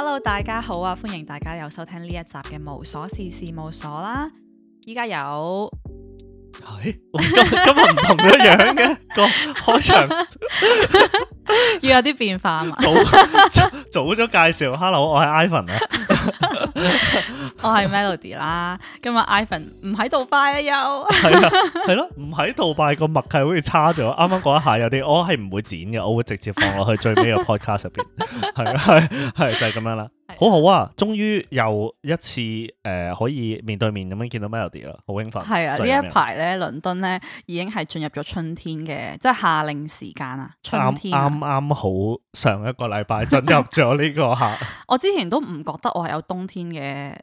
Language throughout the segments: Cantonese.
Hello，大家好啊！歡迎大家又收聽呢一集嘅無瑣事事務所啦。依家有，哎，今日唔同咗樣嘅，個開場要有啲變化啊嘛。早早咗介紹，Hello，我係 Ivan 啊。 我係 Melody 啦，今日 Ivan 唔喺度拜啊，又係 啊係咯，唔喺度拜個默契好似差咗。啱啱講一下有啲我係唔會剪嘅，我會直接放落去最尾嘅 podcast 入邊。係係係，就係咁樣啦。啊、好好啊，終於又一次誒、呃、可以面對面咁樣見到 Melody 啦，好興奮。係啊，呢一排咧，倫敦咧已經係進入咗春天嘅，即係夏令時間啊。春天啱啱好上一個禮拜進入咗呢個夏。我之前都唔覺得我係有冬天嘅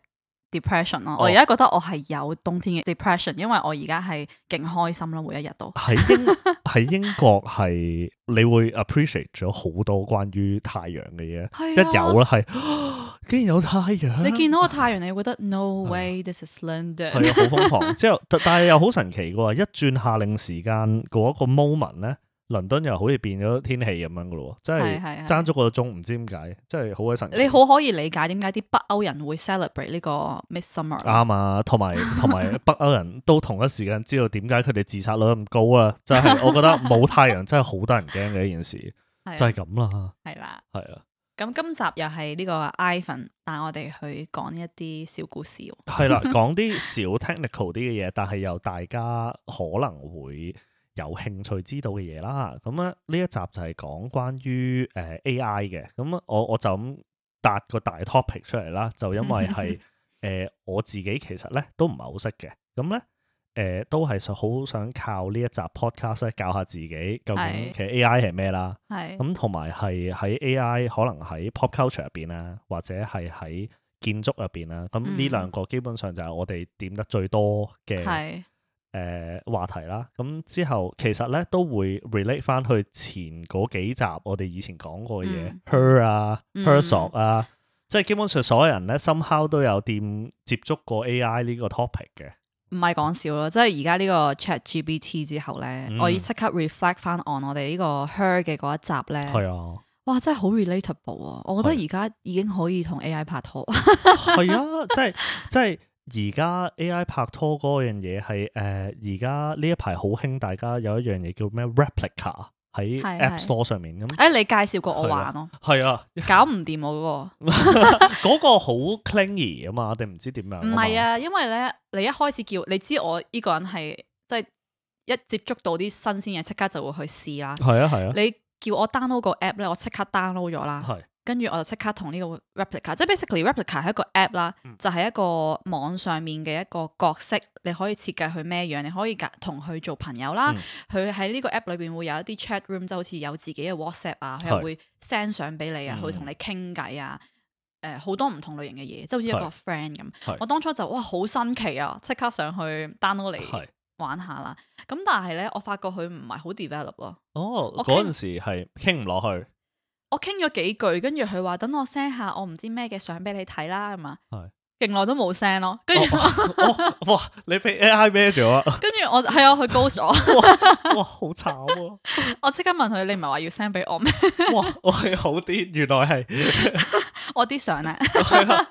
depression 咯，我而家覺得我係有冬天嘅 depression，因為我而家係勁開心咯，每一日都喺 英喺英國係你會 appreciate 咗好多關於太陽嘅嘢，啊、一有啦係、啊，竟然有太陽，你見到個太陽，你會覺得 no way this is London，係啊，好瘋狂，之後但係又好神奇嘅，一轉夏令時間嗰一個 moment 咧。倫敦又好似變咗天氣咁樣噶咯，即係爭咗個鐘，唔知點解，真係好鬼神奇。你好可以理解點解啲北歐人會 celebrate 呢個 midsummer 啱啊，同埋同埋北歐人都同一時間知道點解佢哋自殺率咁高啊！即係我覺得冇太陽真係好得人驚嘅一件事，就係咁啦。係啦，係啊。咁今集又係呢個 iPhone 帶我哋去講一啲小故事。係啦，講啲小 technical 啲嘅嘢，但係又大家可能會。有興趣知道嘅嘢啦，咁咧呢一集就係講關於誒、呃、AI 嘅，咁、嗯、我我就咁搭個大 topic 出嚟啦， 就因為係誒、呃、我自己其實咧都唔係好識嘅，咁咧誒都係想好想靠呢一集 podcast 教下自己究竟其實 AI 係咩啦，咁同埋係喺 AI 可能喺 pop culture 入邊啦，或者係喺建築入邊啦。咁、嗯、呢兩個基本上就係我哋點得最多嘅。誒、呃，話題啦，咁之後其實咧都會 relate 翻去前嗰幾集我哋以前講過嘅嘢、嗯、，her 啊，her 鎖、嗯 so、啊，即係基本上所有人咧，心烤 somehow 都有點接觸過 AI 呢個 topic 嘅。唔係講笑咯，即係而家呢個 ChatGPT 之後咧，嗯、我已即刻 reflect 翻 on 我哋呢個 her 嘅嗰一集咧。係啊、嗯，哇，真係好 relatable 啊！我覺得而家已經可以同 AI 拍拖。係 啊，即係即係。 而家 A I 拍拖嗰樣嘢係，誒，而家呢一排好興，大家有一樣嘢叫咩 Replika 喺 App Store 對是 上面咁。誒，你介紹過我玩咯。係啊，對搞唔掂我嗰個。嗰個好 clingy 啊嘛，我哋唔知點樣？唔係啊，因為咧，你一開始叫你知我呢個人係即係一接觸到啲新鮮嘢，即刻就會去試啦。係啊係啊，你叫我 download 個 app 咧，我即刻 download 咗啦。跟住我就即刻同呢個 replica，即係 basically replica 係一個 app 啦，嗯，就係一個網上面嘅一個角色，你可以設計佢咩樣，你可以同佢做朋友啦。佢喺呢個 app 裏邊會有一啲 chat room，就好似有自己嘅 WhatsApp 啊是，佢又會 send 相俾你啊，佢同、嗯、你傾偈啊，誒、呃、好多唔同類型嘅嘢，即係好似一個 friend 咁。我當初就哇，好新奇啊，即刻上去 download 嚟玩下啦。咁是但係咧，我發覺佢唔係好 develop 咯。哦，嗰陣時係傾唔落去。我傾咗幾句，跟住佢話等我 send 下我唔知咩嘅相俾你睇啦，咁啊是，勁耐都冇 send 咯。跟住、哦、哇，哇，你被 AI 咩咗啊？跟住我係啊，佢 ghost 我，我哇。哇，好慘啊！ 我即刻問佢，你唔係話要 send 俾我咩？哇，我係好啲，原來係 我啲相咧。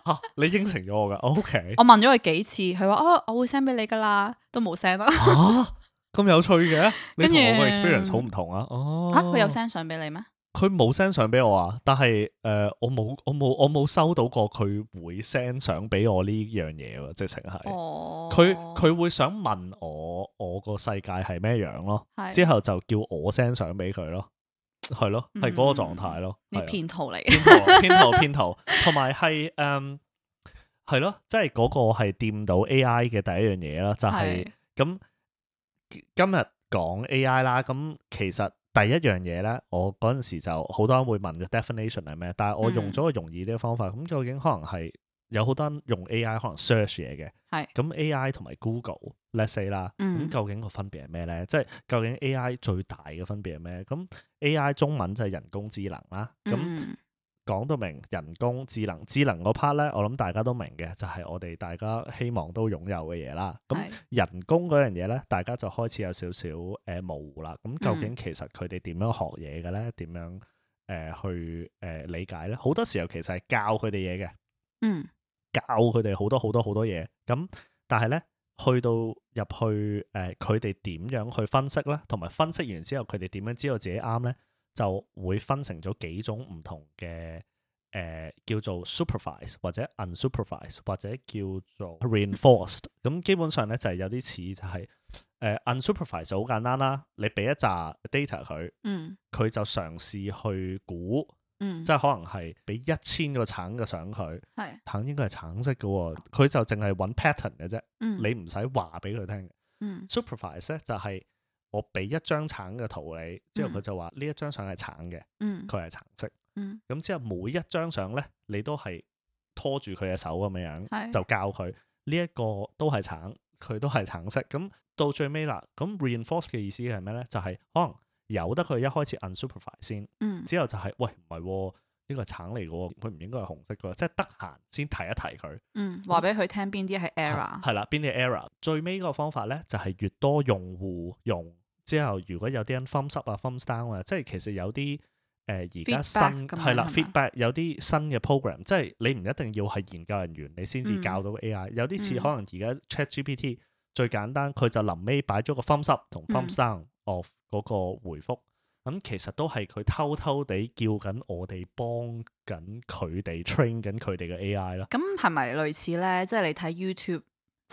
啊，你應承咗我噶？O K，我問咗佢幾次，佢話哦，我會 send 俾你噶啦，都冇 send 啦。咁、 啊、有趣嘅，你同我嘅 experience 好唔同啊！哦，吓、啊，佢有 send 相俾你咩？佢冇 send 相俾我啊，但係誒、呃，我冇我冇我冇收到過佢會 send 相俾我呢樣嘢喎，直情係。佢佢、哦、會想問我我個世界係咩樣咯，是之後就叫我 send 相俾佢咯，係 咯，係嗰個狀態咯。嗯、咯你騙徒嚟，騙徒騙徒騙徒，同埋係誒，係、um, 咯，即係嗰個係掂到 AI 嘅第一樣嘢啦，就係、是、咁是今日講 AI 啦，咁其實。第一樣嘢咧，我嗰陣時就好多人會問嘅 definition 係咩？但係我用咗個容易啲嘅方法，咁、嗯、究竟可能係有好多人用 AI 可能 search 嘢嘅，係咁是 AI 同埋 Google，let's say 啦、嗯，咁究竟個分別係咩咧？即係究竟 AI 最大嘅分別係咩？咁 AI 中文就係人工智能啦，咁。嗯講到明人工智能智能嗰 part 咧，我諗大家都明嘅，就係、是、我哋大家希望都擁有嘅嘢啦。咁是人工嗰樣嘢咧，大家就開始有少少誒模糊啦。咁究竟其實佢哋點樣學嘢嘅咧？點、嗯、樣誒、呃、去誒、呃、理解咧？好多時候其實係教佢哋嘢嘅，嗯，教佢哋好多好多好多嘢。咁但係咧，去到入去誒，佢哋點樣去分析咧？同埋分析完之後，佢哋點樣知道自己啱咧？就會分成咗幾種唔同嘅誒、呃，叫做 supervised 或者 unsupervised 或者叫做 reinforced。咁 基本上咧就係、是、有啲似就係、是、誒、呃、unsupervised 好簡單啦，你俾一紮 data 佢，嗯，佢就嘗試去估，即係、嗯、可能係俾一千個橙嘅相佢，係是橙應該係橙色嘅喎、哦，佢就淨係揾 pattern 嘅啫，嗯、你唔使話俾佢聽。supervised 咧就係、是。我俾一張橙嘅圖你，之後佢就話呢一張相係橙嘅，佢係、嗯、橙色。咁、嗯、之後每一張相咧，你都係拖住佢嘅手咁樣，是就教佢呢一個都係橙，佢都係橙色。咁到最尾啦，咁 reinforce 嘅意思係咩咧？就係、是、可能由得佢一開始 unsupervised 先，嗯、之後就係、是、喂唔係呢個橙嚟嘅，佢唔應該係紅色嘅，即係得閒先提一提佢。嗯，話俾佢聽邊啲係 error。係啦、er，邊啲 error？最尾個方法咧，就係、是、越多用戶用。之後，如果有啲人 thumbs up 啊、thumbs down 啊，即係其實有啲誒而家新係啦，feedback 有啲新嘅 program，即係你唔一定要係研究人員，你先至教到 AI。嗯、有啲似可能而家 ChatGPT、嗯、最簡單，佢就臨尾擺咗個 thumbs up 同 thumbs down of 嗰個回覆，咁、嗯、其實都係佢偷偷地叫緊我哋幫緊佢哋 train 緊佢哋嘅 AI 啦。咁係咪類似咧？即、就、係、係、你睇 YouTube。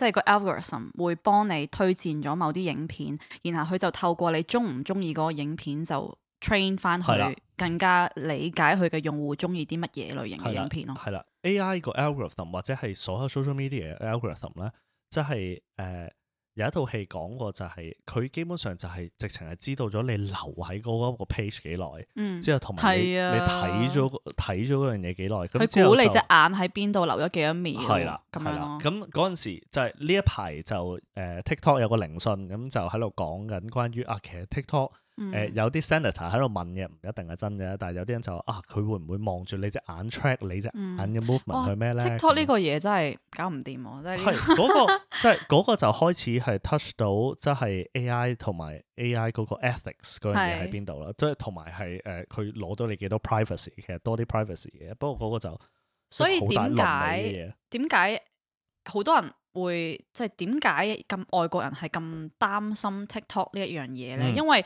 即係個 algorithm 會幫你推薦咗某啲影片，然後佢就透過你中唔中意嗰個影片就，就 train 翻佢更加理解佢嘅用戶中意啲乜嘢類型嘅影片咯。係啦，AI 個 algorithm 或者係所有 social media algorithm 咧，即係誒。有一套戲講過就係佢基本上就係直情係知道咗你留喺嗰一個 page 幾耐，嗯、之後同埋你、啊、你睇咗睇咗嗰樣嘢幾耐，咁佢估你隻眼喺邊度留咗幾多秒？係啦、啊，咁樣咯。咁嗰陣時就係、是、呢一排就誒、呃、TikTok 有個聆訊咁就喺度講緊關於啊，其實 TikTok。誒、嗯呃，有啲 senator 喺度問嘅唔一定係真嘅，但係有啲人就啊，佢會唔會望住你隻眼 track 你隻眼嘅 movement 去咩咧？TikTok 呢個嘢真係搞唔掂，真係。係、嗰個即係嗰個就開始係 touch 到即係、即係、AI 同埋 AI 嗰個 ethics 嗰樣嘢喺邊度啦，即係同埋係誒佢攞到你幾多 privacy，其實多啲 privacy 嘅。不過嗰個就所以點解點解好多人會即係點解咁外國人係咁擔心 TikTok 呢一樣嘢咧？嗯、因為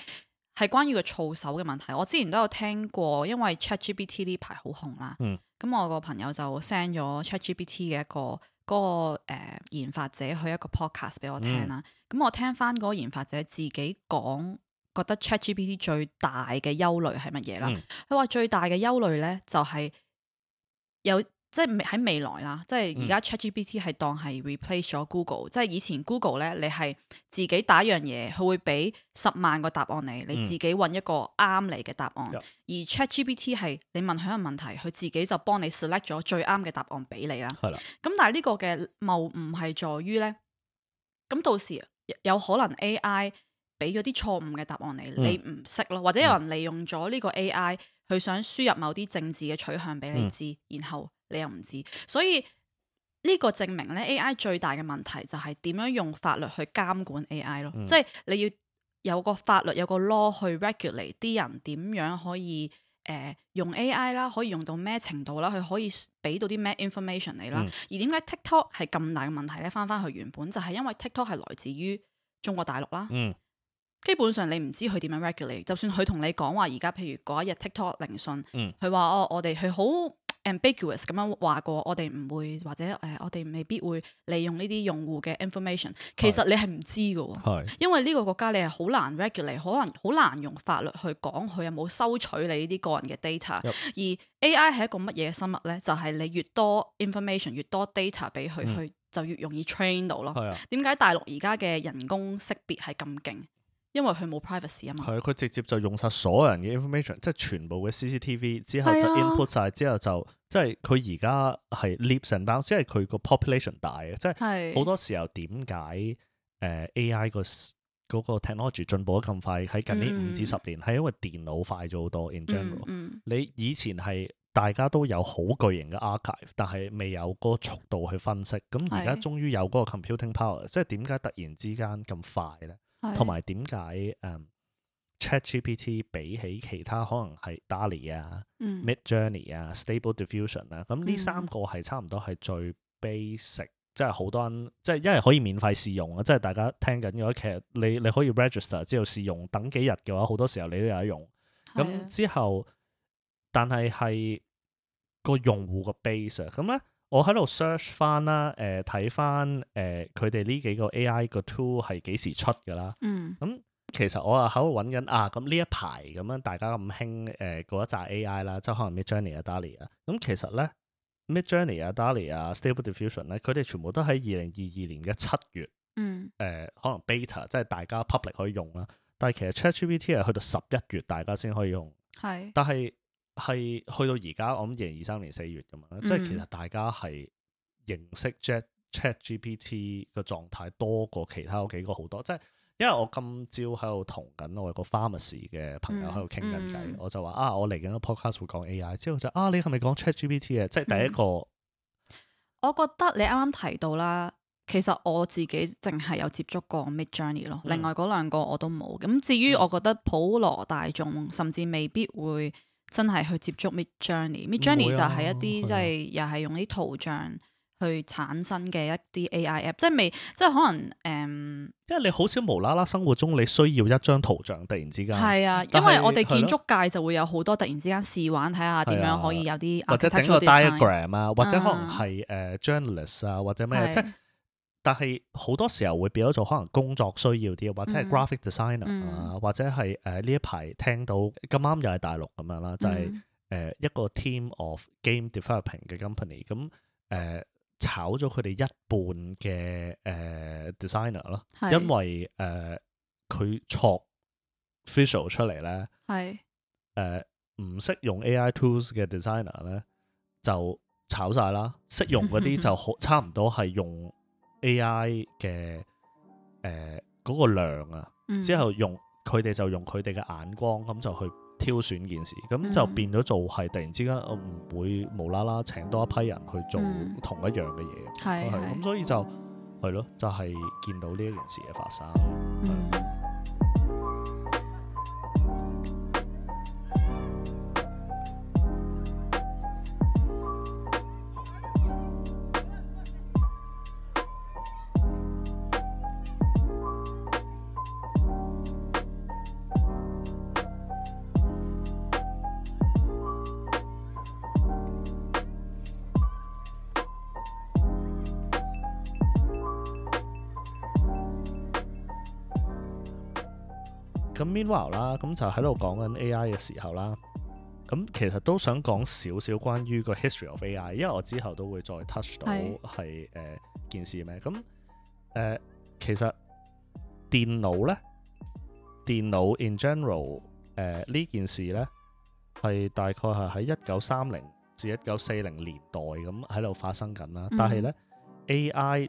係關於個操守嘅問題，我之前都有聽過，因為 ChatGPT 呢排好紅啦。咁、嗯、我個朋友就 send 咗 ChatGPT 嘅一個嗰個研發者去一個 podcast 俾我聽啦。咁、嗯、我聽翻嗰個研發者自己講，覺得 ChatGPT 最大嘅憂慮係乜嘢啦？佢話、嗯、最大嘅憂慮呢就係有。即係喺未來啦，即係而家 ChatGPT 係當係 replace 咗 Google。嗯、即係以前 Google 咧，你係自己打樣嘢，佢會俾十萬個答案你，你自己揾一個啱你嘅答案。嗯、而 ChatGPT 係你問佢一個問題，佢自己就幫你 select 咗最啱嘅答案俾你啦。咁是的 但係呢個嘅謬誤係在於咧，咁到時有可能 AI 俾咗啲錯誤嘅答案、嗯、你，你唔識咯，或者有人利用咗呢個 AI 去想輸入某啲政治嘅取向俾你知，嗯嗯、然後。你又唔知，所以呢個證明咧，AI 最大嘅問題就係點樣用法律去監管 AI 咯，嗯、即係你要有個法律有個 law 去 regulate 啲人點樣可以誒、呃、用 AI 啦，可以用到咩程度啦，佢可以俾到啲咩 information 你啦。嗯、而點解 TikTok 係咁大嘅問題咧？返返去原本就係因為 TikTok 係來自於中國大陸啦，嗯、基本上你唔知佢點樣 regulate，就算佢同你講話而家，譬如嗰一日 TikTok 聆訊，佢話哦，我哋係好。ambiguous 咁樣話過我，呃，我哋唔會或者誒，我哋未必會利用呢啲用戶嘅 information。其實你係唔知㗎喎，的因為呢個國家你係好難 regulate，可能好難用法律去講佢有冇收取你呢啲個人嘅 data。Yep. 而 AI 係一個乜嘢生物呢？就係、是、你越多 information，越多 data 俾佢佢就越容易 train 到咯。點解的大陸而家嘅人工識別係咁勁？因為佢冇 privacy 啊嘛，係佢直接就用晒所有人嘅 information，即係全部嘅 CCTV 之後就 input 晒。是啊、之後就即係佢而家係 leaps and bounds，即係佢個 population 大啊，即係好多時候點解誒 AI、個嗰個 technology 進步得咁快喺近呢五至十年係、嗯、因為電腦快咗好多 in general，嗯嗯，你以前係大家都有好巨型嘅 archive，但係未有嗰速度去分析，咁而家終於有嗰個 computing power，即係點解突然之間咁快咧？同埋點解誒、um, ChatGPT 比起其他可能係 Dall-e 啊、嗯、Midjourney 啊、Stable Diffusion 啊？咁呢三個係差唔多係最 basic，嗯、即係好多人，即係因為可以免費試用啊，即係大家聽緊嘅話，其實你你可以 register 之後試用，等幾日嘅話，好多時候你都有得用。咁的之後，但係係個用戶嘅 base 咁咧。我喺度 search 翻啦，誒睇翻誒佢哋呢幾個 AI 個 tool 係幾時出㗎啦？嗯，咁、嗯、其實我啊喺度揾緊啊，咁呢一排咁樣大家咁興誒嗰一紮 AI 啦，即係可能 Mid Journey 啊、嗯、Dall-E 啊，咁其實咧 Mid Journey 啊、Dall-E 啊、Stable Diffusion 咧，佢哋全部都喺二零二二年嘅七月，嗯，誒、呃、可能 Beta 即係大家 public 可以用啦，但係其實 ChatGPT 係去到十一月大家先可以用，係是，但係。係去到而家，我諗二零二三年四月咁啊，嗯、即係其實大家係認識 Jet, Chat Chat GPT 嘅狀態多過其他嗰幾個好多，即係因為我今朝喺度同緊我個 pharmacy 嘅朋友喺度傾緊偈，嗯嗯、我就話啊，我嚟緊個 podcast 會講 AI 之後就啊，你係咪講 Chat GPT 啊？即係第一個、嗯，我覺得你啱啱提到啦，其實我自己淨係有接觸過 Mid Journey 咯，另外嗰兩個我都冇。咁至於我覺得普羅大眾甚至未必會。真係去接觸 Mid Journey，Mid Journey、啊、就係一啲即係又係用啲圖像去產生嘅一啲 AI app，即係未即係可能誒，嗯、因為你好少無啦啦生活中你需要一張圖像，突然之間係啊，因為是我哋建築界的就會有好多突然之間試玩睇下點樣可以有啲或者整個 diagram 啊，或者可能係誒 journalist 啊或者咩即係。但係好多時候會變咗做，可能工作需要啲，或者係 graphic designer 啊、嗯，嗯、或者係誒呢一排聽到咁啱又係大陸咁樣啦，就係、是、誒、嗯呃、一個 team of game developing 嘅 company 咁、呃、誒，炒咗佢哋一半嘅誒、呃、designer 咯，因為誒佢作 visual 出嚟咧，係誒唔識用 AI tools 嘅 designer 咧就炒晒啦，識用嗰啲就好 差唔多係用。A.I. 嘅誒嗰個量啊，嗯、之後用佢哋就用佢哋嘅眼光咁就去挑選件事，咁、嗯、就變咗做係突然之間我唔會無啦啦請多一批人去做同一樣嘅嘢，係咁所以就係咯的的，就係、係、見到呢一件事嘅發生。嗯咁 Meanwhile 啦，咁就喺度講緊 AI 嘅時候啦，咁其實都想講少少關於個 history of AI，因為我之後都會再 touch 到係誒件事咩？咁誒其實電腦咧，電腦 in general 誒呢件事咧係大概係喺一九三零至一九四零年代咁喺度發生緊啦，但係咧 AI。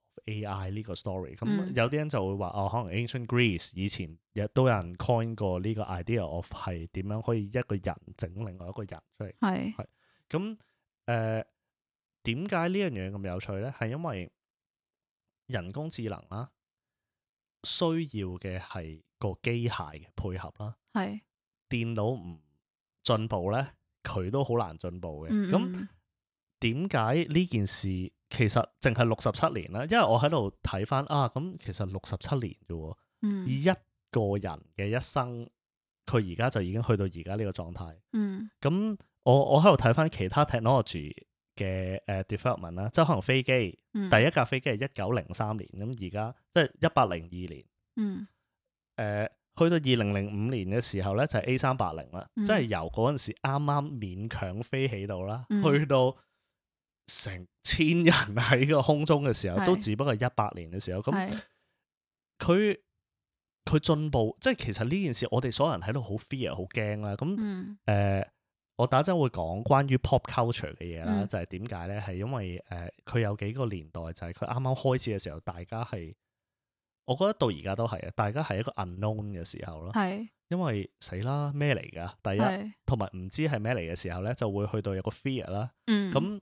AI 呢個 story，咁有啲人就會話、嗯、哦，可能 Ancient Greece 以前亦都有人 coin 過呢個 idea of 係點樣可以一個人整另外一個人出嚟？係係咁誒，點解呢樣嘢咁有趣咧？係因為人工智能啦、啊，需要嘅係個機械嘅配合啦、啊，係，電腦唔進步咧，佢都好難進步嘅。咁點解呢件事？其實淨係六十七年啦，因為我喺度睇翻啊，咁其實六十七年咋喎，以、嗯、一個人嘅一生，佢而家就已經去到而家呢個狀態。咁、嗯、我我喺度睇翻其他 technology 嘅誒 development 啦、嗯，即係可能飛機，嗯、第一架飛機係一九零三年，咁而家即係一八零二年。誒、嗯呃，去到二零零五年嘅時候咧，就係、是、A 三八零啦，嗯、即係由嗰陣時啱啱勉強飛起到啦，嗯、去到。成千人喺個空中嘅時候，是都只不過一百年嘅時候，咁佢佢進步，即係其實呢件事，我哋所有人喺度好 fear、好驚啦。咁誒、嗯呃，我打一陣會講關於 pop culture 嘅嘢啦，嗯、就係點解咧？係因為誒，佢、呃、有幾個年代，就係佢啱啱開始嘅時候，大家係我覺得到而家都係啊，大家係一個 unknown 嘅時候咯。係是因為死啦咩嚟噶？第一，同埋唔知係咩嚟嘅時候咧，就會去到有個 fear 啦。咁、嗯嗯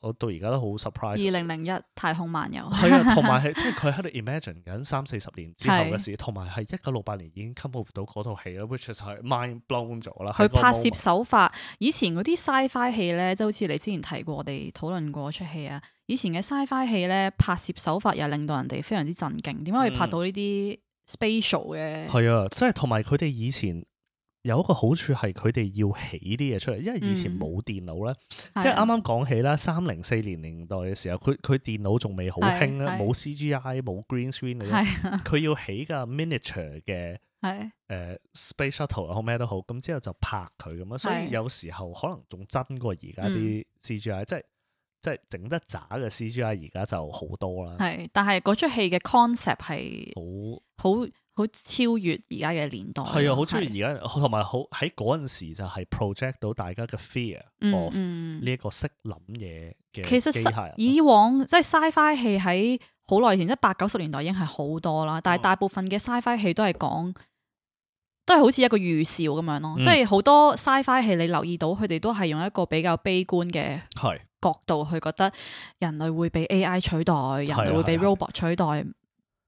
我到而家都好 surprise。二零零一太空漫遊。係 啊，同埋係即係佢喺度 imagine 緊三四十年之後嘅事，同埋係一九六八年已經 come up 到嗰套戲啦，which is mind blown 咗啦。佢拍攝手法以前嗰啲 sci-fi 戲咧，即係好似你之前提過我，我哋討論過出戲啊。以前嘅 sci-fi 戲咧，拍攝手法又令到人哋非常之震驚。點解可以拍到呢啲 special 嘅？係、嗯、啊，即係同埋佢哋以前。有一個好處係佢哋要起啲嘢出嚟，因為以前冇電腦啦。嗯、因為啱啱講起啦，三零四零年代嘅時候，佢佢電腦仲未好興啦，冇 C G I 冇 green screen 嘅，佢、啊、要起個 miniature 嘅，誒、啊呃、space shuttle 好咩都好，咁之後就拍佢咁樣，所以有時候可能仲真過而家啲 C G I，嗯、即係即係整得渣嘅 C G I，而家就好多啦。係，但係嗰出戲嘅 concept 係好好。好超越而家嘅年代，係啊，好超越而家，同埋好喺嗰陣時就係 project 到大家嘅 fear，呢一個識諗嘢嘅。其實以往即係 sci-fi 戲喺好耐前，即係八九十年代已經係好多啦，但係大部分嘅 sci-fi 戲都係講，都係好似一個預兆咁樣咯。嗯、即係好多 sci-fi 戲你留意到，佢哋都係用一個比較悲觀嘅角度去覺得人類會俾 AI 取代，是人類會俾 robot 取代。是是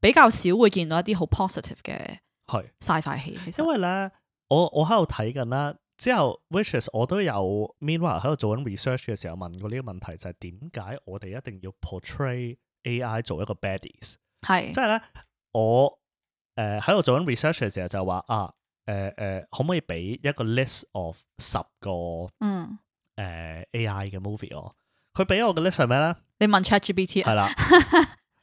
比較少會見到一啲好 positive 嘅係 sci-fi 戲，其實，因為咧我我喺度睇緊啦，之後 wishes 我都有 meanwhile 喺度做緊 research 嘅時候問過呢個問題，就係點解我哋一定要 portray AI 做一個 baddies？係即係是咧我誒喺度做緊 research 嘅時候就話啊誒誒、呃呃、可唔可以俾一個 list of 十個嗯誒、呃、AI 嘅 movie？我佢俾我嘅 list 係咩咧？你問 ChatGPT 係啦。G B 了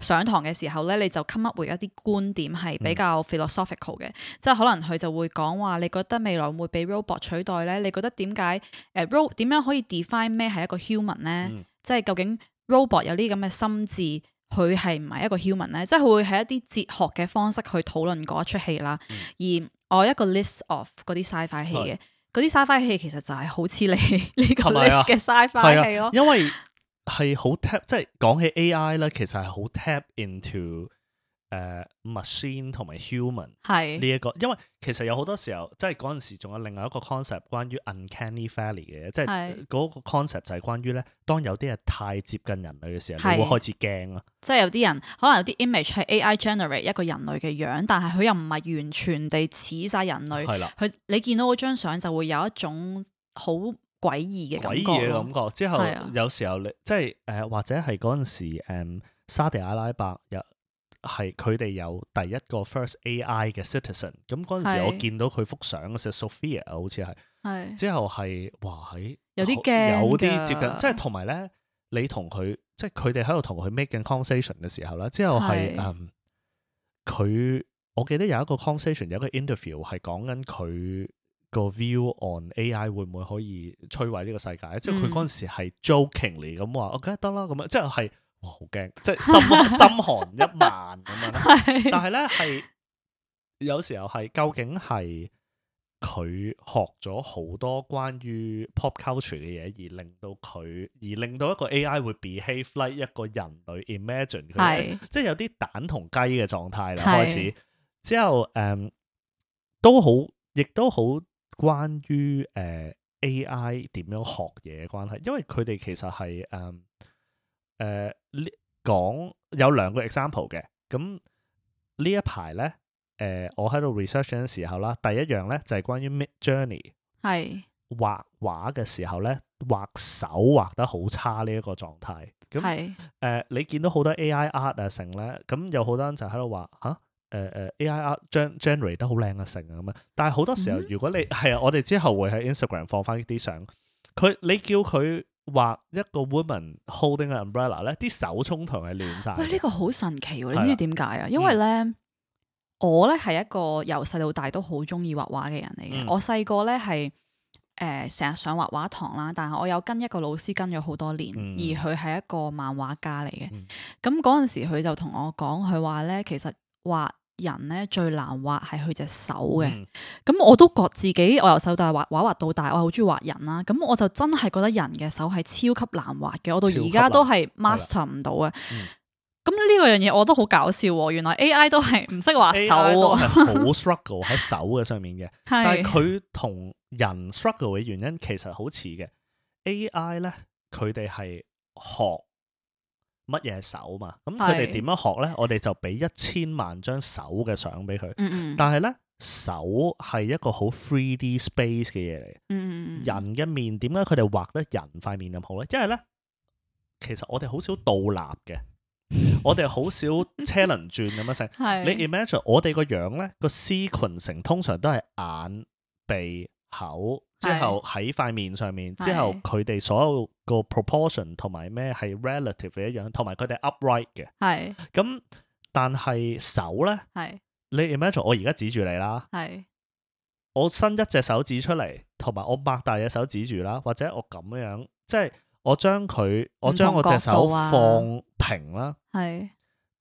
上堂嘅時候咧，你就 come up with 一啲觀點係比較 philosophical 嘅，嗯、即係可能佢就會講話，你覺得未來會被 robot 取代咧？你覺得點解？誒、uh, r o b o 點樣可以 define 咩係一個 human 咧？嗯、即係究竟 robot 有啲咁嘅心智，佢係唔係一個 human 咧？即係會喺一啲哲學嘅方式去討論嗰一出戲啦。嗯、而我一個 list of 嗰啲 sci-fi 戲嘅，嗰啲 sci-fi 戲其實就係好似你呢個 list 嘅 sci-fi 戲咯、啊，因為。係好 tap，即係講起 AI 咧，其實係好 tap into 誒、呃、machine 同埋 human 係呢一個，因為其實有好多時候，即係嗰陣時仲有另外一個 concept 關於 uncanny valley 嘅是即係嗰個 concept 就係關於咧，當有啲嘢太接近人類嘅時候，是你會開始驚咯、啊。即係有啲人可能有啲 image 係 AI generate 一個人類嘅樣，但係佢又唔係完全地似晒人類，係啦了，佢你見到嗰張相就會有一種好，詭異嘅感覺，詭異嘅感覺之後有時候你是、啊、即係誒、呃，或者係嗰陣時誒、嗯，沙地阿拉伯又係佢哋有第一個 first AI 嘅 citizen、嗯。咁嗰陣時我見到佢幅相嗰時 Sophia 好似係，之後係哇喺有啲驚有啲接近，即係同埋咧，你同佢即係佢哋喺度同佢 make 緊 conversation 嘅時候啦。之後係嗯，佢我記得有一個 conversation，有一個 interview 係講緊佢。個 view on AI 會唔會可以摧毀呢個世界？即係佢嗰陣時係 jokingly 咁話，OK 得啦咁樣，即係哇好驚，即係心 心寒一萬咁樣。 但係咧係，有時候係究竟係佢學咗好多關於 pop culture 嘅嘢，而令到佢，而令到一個 AI 會 behave like 一個人類 imagine 佢哋，即係有啲蛋同雞嘅狀態啦。開始 之後，誒、嗯、都好，亦都好。關於誒、呃、AI 點樣學嘢嘅關係，因為佢哋其實係誒誒講有兩個 example 嘅，咁、嗯、呢一排咧誒我喺度 research 嘅時候啦，第一樣咧就係、是、關於 Mid Journey 係是畫畫嘅時候咧畫手畫得好差呢一個狀態。咁、嗯、誒是、呃、你見到好多 AI art 啊成咧，咁、嗯嗯、有好多人就喺度話嚇。啊誒誒、uh,，A I R 將 Gen generate 得好靚嘅成啊咁啊！但係好多時候，如果你係啊、嗯，我哋之後會喺 Instagram 放翻啲相。佢你叫佢畫一個 woman holding 個 umbrella 咧，啲手蔥頭係亂晒。喂，呢、這個好神奇、啊，的你知唔知點解啊？因為咧，嗯、我咧係一個由細到大都好中意畫畫嘅人嚟嘅。嗯、我細個咧係誒，成日上畫畫堂啦，但係我有跟一個老師跟咗好多年，嗯、而佢係一個漫畫家嚟嘅。咁嗰陣時佢就同我講，佢話咧其實。畫人咧最難畫係佢隻手嘅，咁、嗯、我都覺得自己我由手大畫畫畫到大，我好中意畫人啦、啊。咁我就真係覺得人嘅手係超級難畫嘅，我到而家都係 master 唔到嘅。咁呢、嗯、個樣嘢我都好搞笑，原來 A I 都係唔識畫手，好 struggle 喺手嘅上面嘅， 是但係佢同人 struggle 嘅原因其實好似嘅。A I 咧佢哋係學。係乜嘢手嘛？咁佢哋點樣學咧？是我哋就俾一千萬張手嘅相俾佢。嗯嗯但係咧，手係一個好 three D space 嘅嘢嚟。嗯嗯人嘅面點解佢哋畫得人塊面咁好咧？因為咧，其實我哋好少倒立嘅，我哋好少車輪轉咁樣成。你 imagine 我哋個樣咧，個 sequence 成通常都係眼、鼻。口之後喺塊面上面是之後佢哋所有個 proportion 同埋咩係 relative 一樣，同埋佢哋 upright 嘅。係咁是，但係手咧，係是你 imagine 我而家指住你啦，係是我伸一隻手指出嚟，同埋我擘大隻手指住啦，或者我咁樣，即係我將佢，不同 我將我隻手放平啦。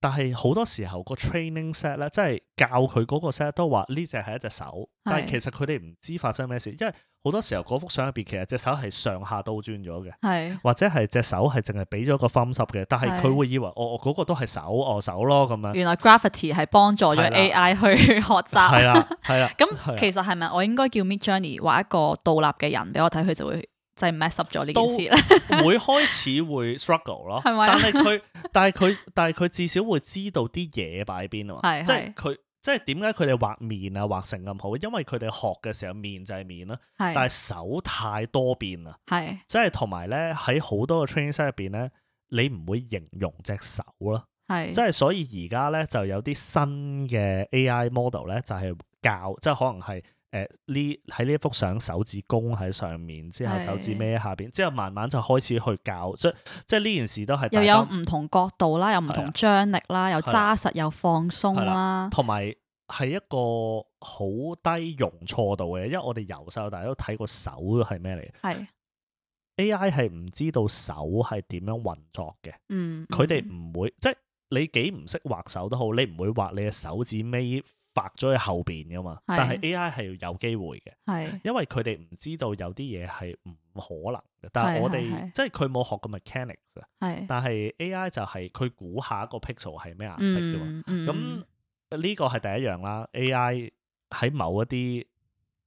但係好多時候個 training set 咧，即係教佢嗰個 set 都話呢只係一隻手，是但係其實佢哋唔知發生咩事，因為好多時候嗰幅相入邊其實隻手係上下都轉咗嘅，是或者係隻手係淨係俾咗個 thumbs up 嘅，但係佢會以為我我嗰個都係手我、哦、手咯咁樣。原來 gravity 係幫助咗 AI 的去學習，係 啦，係啦。咁 其實係咪我應該叫 Midjourney 畫一個倒立嘅人俾我睇，佢就會？就係 mix up 咗呢件事咧，會開始會 struggle 咯， 但係佢 但係佢但係佢至少會知道啲嘢擺邊啊嘛，係即係佢即係點解佢哋畫面啊畫成咁好，因為佢哋學嘅時候面就係面啦、啊，是 但係手太多變啦，係即係同埋咧喺好多嘅 training set 入邊咧，你唔會形容隻手咯，係即係所以而家咧就有啲新嘅 AI model 咧就係、是、教，即、就、係、是就是、可能係。呢喺呢一幅相手指弓喺上面，之後手指尾下邊，之後慢慢就開始去教，所以即係呢件事都係又有唔同角度啦，有唔同張力啦，的又揸實又放鬆啦，同埋係一個好低容錯度嘅，因為我哋由細到大都睇過手係咩嚟，係 A I 係唔知道手係點樣運作嘅，嗯，嗯，佢哋唔會即係你幾唔識畫手都好，你唔會畫你嘅手指尾。白咗喺後邊噶嘛，是但係 A.I. 係有機會嘅，是因為佢哋唔知道有啲嘢係唔可能嘅。是但係我哋是即係佢冇學過 mechanics，是但係 A.I. 就係佢估下一個 pixel 係咩顏色啫嘛。咁呢個係第一樣啦。A.I. 喺某一啲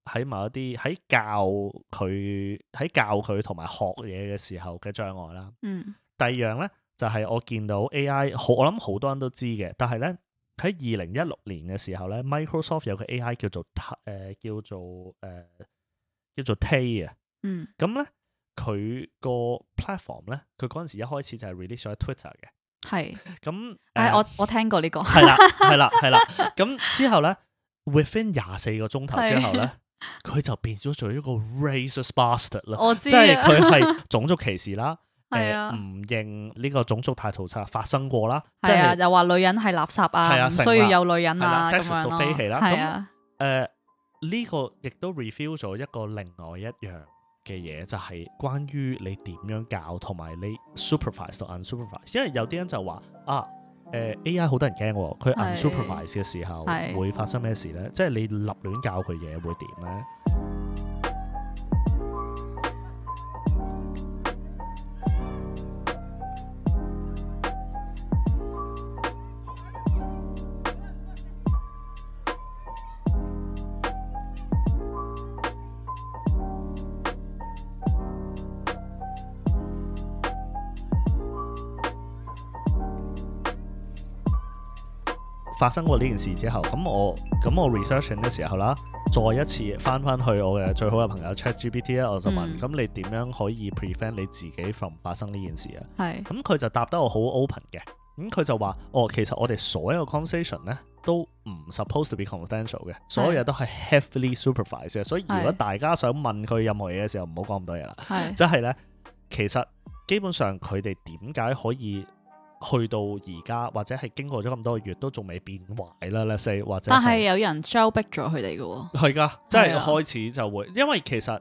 喺某一啲喺教佢喺教佢同埋學嘢嘅時候嘅障礙啦。嗯，第二樣咧就係、是、我見到 A.I. 好，我諗好多人都知嘅，但係咧。喺二零一六年嘅時候咧，Microsoft 有個 AI 叫做誒、呃、叫做誒、呃、叫做 Tay 啊，嗯，咁咧佢個 platform 咧，佢嗰陣時一開始就係 release 咗喺 Twitter 嘅，係是，咁誒、嗯哎、我我聽過呢、呢個，係啦係啦係啦，咁 之後咧，within 廿四個鐘頭之後咧，佢的就變咗做一個 racist bastard 啦，我知，即係佢係種族歧視啦。 誒，唔、呃啊、認呢個種族大屠殺發生過啦，啊、即係又話女人係垃圾啊，唔、啊、需要有女人啊，sexist、啊、都飛起啦。啊。誒，呢、呃，這個亦都 reveal 咗一個另外一樣嘅嘢，就係、是、關於你點樣教同埋你 supervised 到 unsupervised，因為有啲人就話啊，誒、呃、AI 好多人驚，佢 unsupervised 嘅時候會發生咩事咧？即係你立亂教佢嘢會點咧？發生過呢件事之後，咁我咁我 researching 嘅時候啦，再一次翻翻去我嘅最好嘅朋友 ChatGPT 咧， 我就問：咁、嗯、你點樣可以 prevent 你自己 from 發生呢件事啊？係是。咁佢、嗯、就答得我好 open 嘅。咁、嗯、佢就話：哦，其實我哋所有嘅 conversation 咧都唔 supposed to be confidential 嘅，所有嘢都係 heavily supervised 嘅是。所以如果大家想問佢任何嘢嘅時候，唔好講咁多嘢啦。係是。即係咧，其實基本上佢哋點解可以？去到而家，或者係經過咗咁多個月，都仲未變壞啦。Let's say，或者但係有人招逼咗佢哋嘅喎，係噶，即係開始就會，的因為其實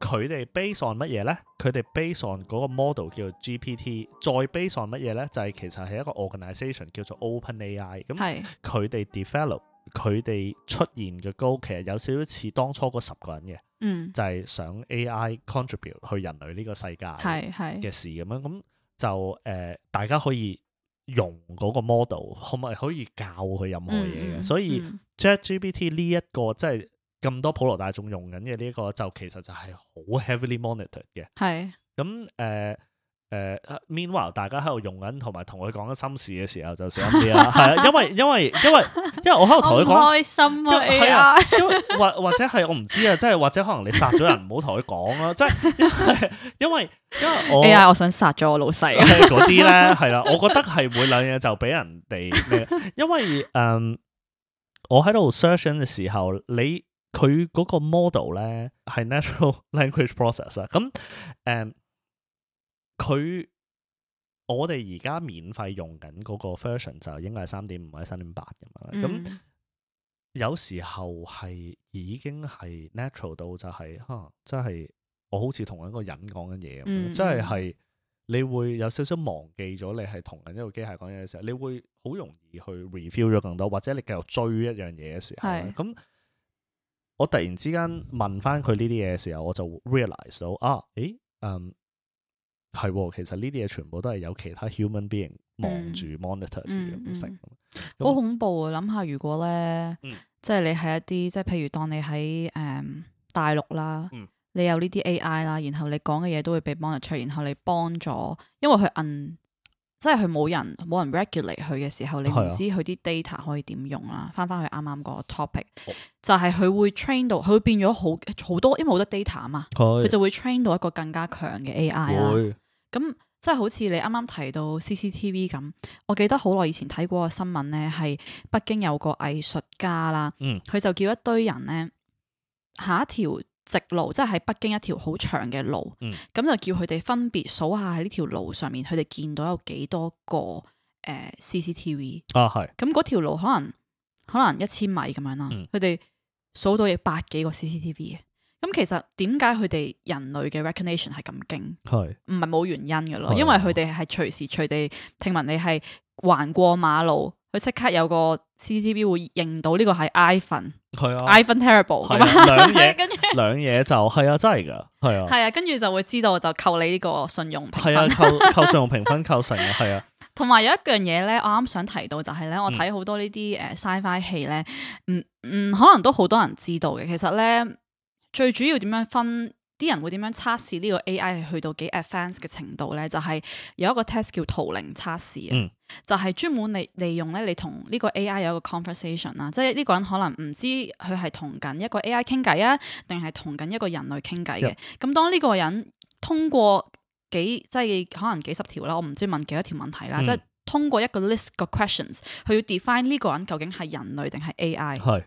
佢哋 based on 乜嘢咧？佢哋 based on 嗰個 model 叫做 GPT，再 based on 乜嘢咧？就係其實係一個 organization 叫做 OpenAI、嗯。咁佢哋 develop，佢哋出現嘅高，其實有少少似當初嗰十個人嘅、嗯，嗯，就係想 AI contribute 去人類呢個世界係係嘅事咁樣咁。就誒、呃，大家可以用嗰個 model，可唔可以教佢任何嘢嘅？嗯、所以 ChatGPT、這、呢一個、嗯、即係咁多普羅大眾用緊嘅呢一個，就其實就係好 heavily monitored 嘅。係是。咁誒。呃誒，Meanwhile，、呃、大家喺度用緊，同埋同佢講緊心事嘅時候，就小心啲啦、啊。係啊， 因為因為因為因為我喺度同佢講開心啊。係啊，或或者係我唔知啊，即係或者可能你殺咗人，唔好同佢講啊。即係 因為，因為,因，為因為我哎呀，我想殺咗我老細嗰啲咧，係啦。我覺得係每兩樣就俾人哋。咩？因為誒、嗯，我喺度 searching 嘅時候，你佢嗰個 model 咧係 natural language process 啊、嗯。咁、嗯、誒。嗯佢我哋而家免費用緊嗰個 version 就應該係三點五或者三點八咁樣，咁有時候係已經係 natural 到就係、是、吓，真係我好似同一個人講緊嘢，即係係你會有少少忘記咗你係同緊一個機械講嘢嘅時候，你會好容易去 review 咗更多，或者你繼續追一樣嘢嘅時候，咁是、嗯、我突然之間問翻佢呢啲嘢嘅時候，我就 realize 到啊，誒，嗯、um,。係，其實呢啲嘢全部都係有其他 human being 望住 monitor 住咁樣，好、嗯嗯、恐怖啊！諗下如果咧，嗯、即係你喺一啲，即係譬如當你喺誒、嗯、大陸啦，嗯、你有呢啲 AI 啦，然後你講嘅嘢都會被 monitor 然後你幫咗，因為佢摁，即係佢冇人冇人 regulate 佢嘅時候，你唔知佢啲 data 可以點用啦。翻翻去啱啱個 topic，好就係佢會 train 到，佢變咗好好多，因為好多 data 啊嘛，佢是就會 train 到一個更加強嘅 AI 啊。咁即係好似你啱啱提到 CCTV 咁，我記得好耐以前睇過個新聞咧，係北京有個藝術家啦，佢、嗯、就叫一堆人咧行一條直路，即係喺北京一條好長嘅路，咁、嗯、就叫佢哋分別數下喺呢條路上面佢哋見到有幾多個誒、呃、CCTV 啊，係咁嗰條路可能可能一千米咁樣啦，佢哋、嗯、數到有百幾個 CCTV 嘅。咁其實點解佢哋人類嘅 recognition 係咁勁？係唔係冇原因噶咯？啊、因為佢哋係隨時隨地聽聞你係橫過馬路，佢即刻有個、c、CTV 會認到呢個係 iPhone、啊。係 van 啊，iPhone terrible。係嘛，跟住兩嘢就係、是、啊，真係噶，係啊，係啊，跟住就會知道就扣你呢個信用評分。係啊，扣扣信用評分扣成嘅，係啊。同埋 有，有一樣嘢咧，我啱想提到就係、是、咧，我睇好多呢啲誒 sci-fi 戲咧，嗯嗯，嗯，嗯，可能都好多人知道嘅，其實咧。最主要點樣分啲人會點樣測試呢個 AI 係去到幾 advanced 嘅程度咧？就係、是、有一個 test 叫圖靈測試啊，嗯、就係專門利利用咧，你同呢個 AI 有一個 conversation 啦，即係呢個人可能唔知佢係同緊一個 AI 傾偈啊，定係同緊一個人類傾偈嘅。咁、嗯、當呢個人通過幾即係可能幾十條啦，我唔知問幾多條問題啦，嗯、即係通過一個 list 個 questions，佢要 define 呢個人究竟係人類定係 AI 係。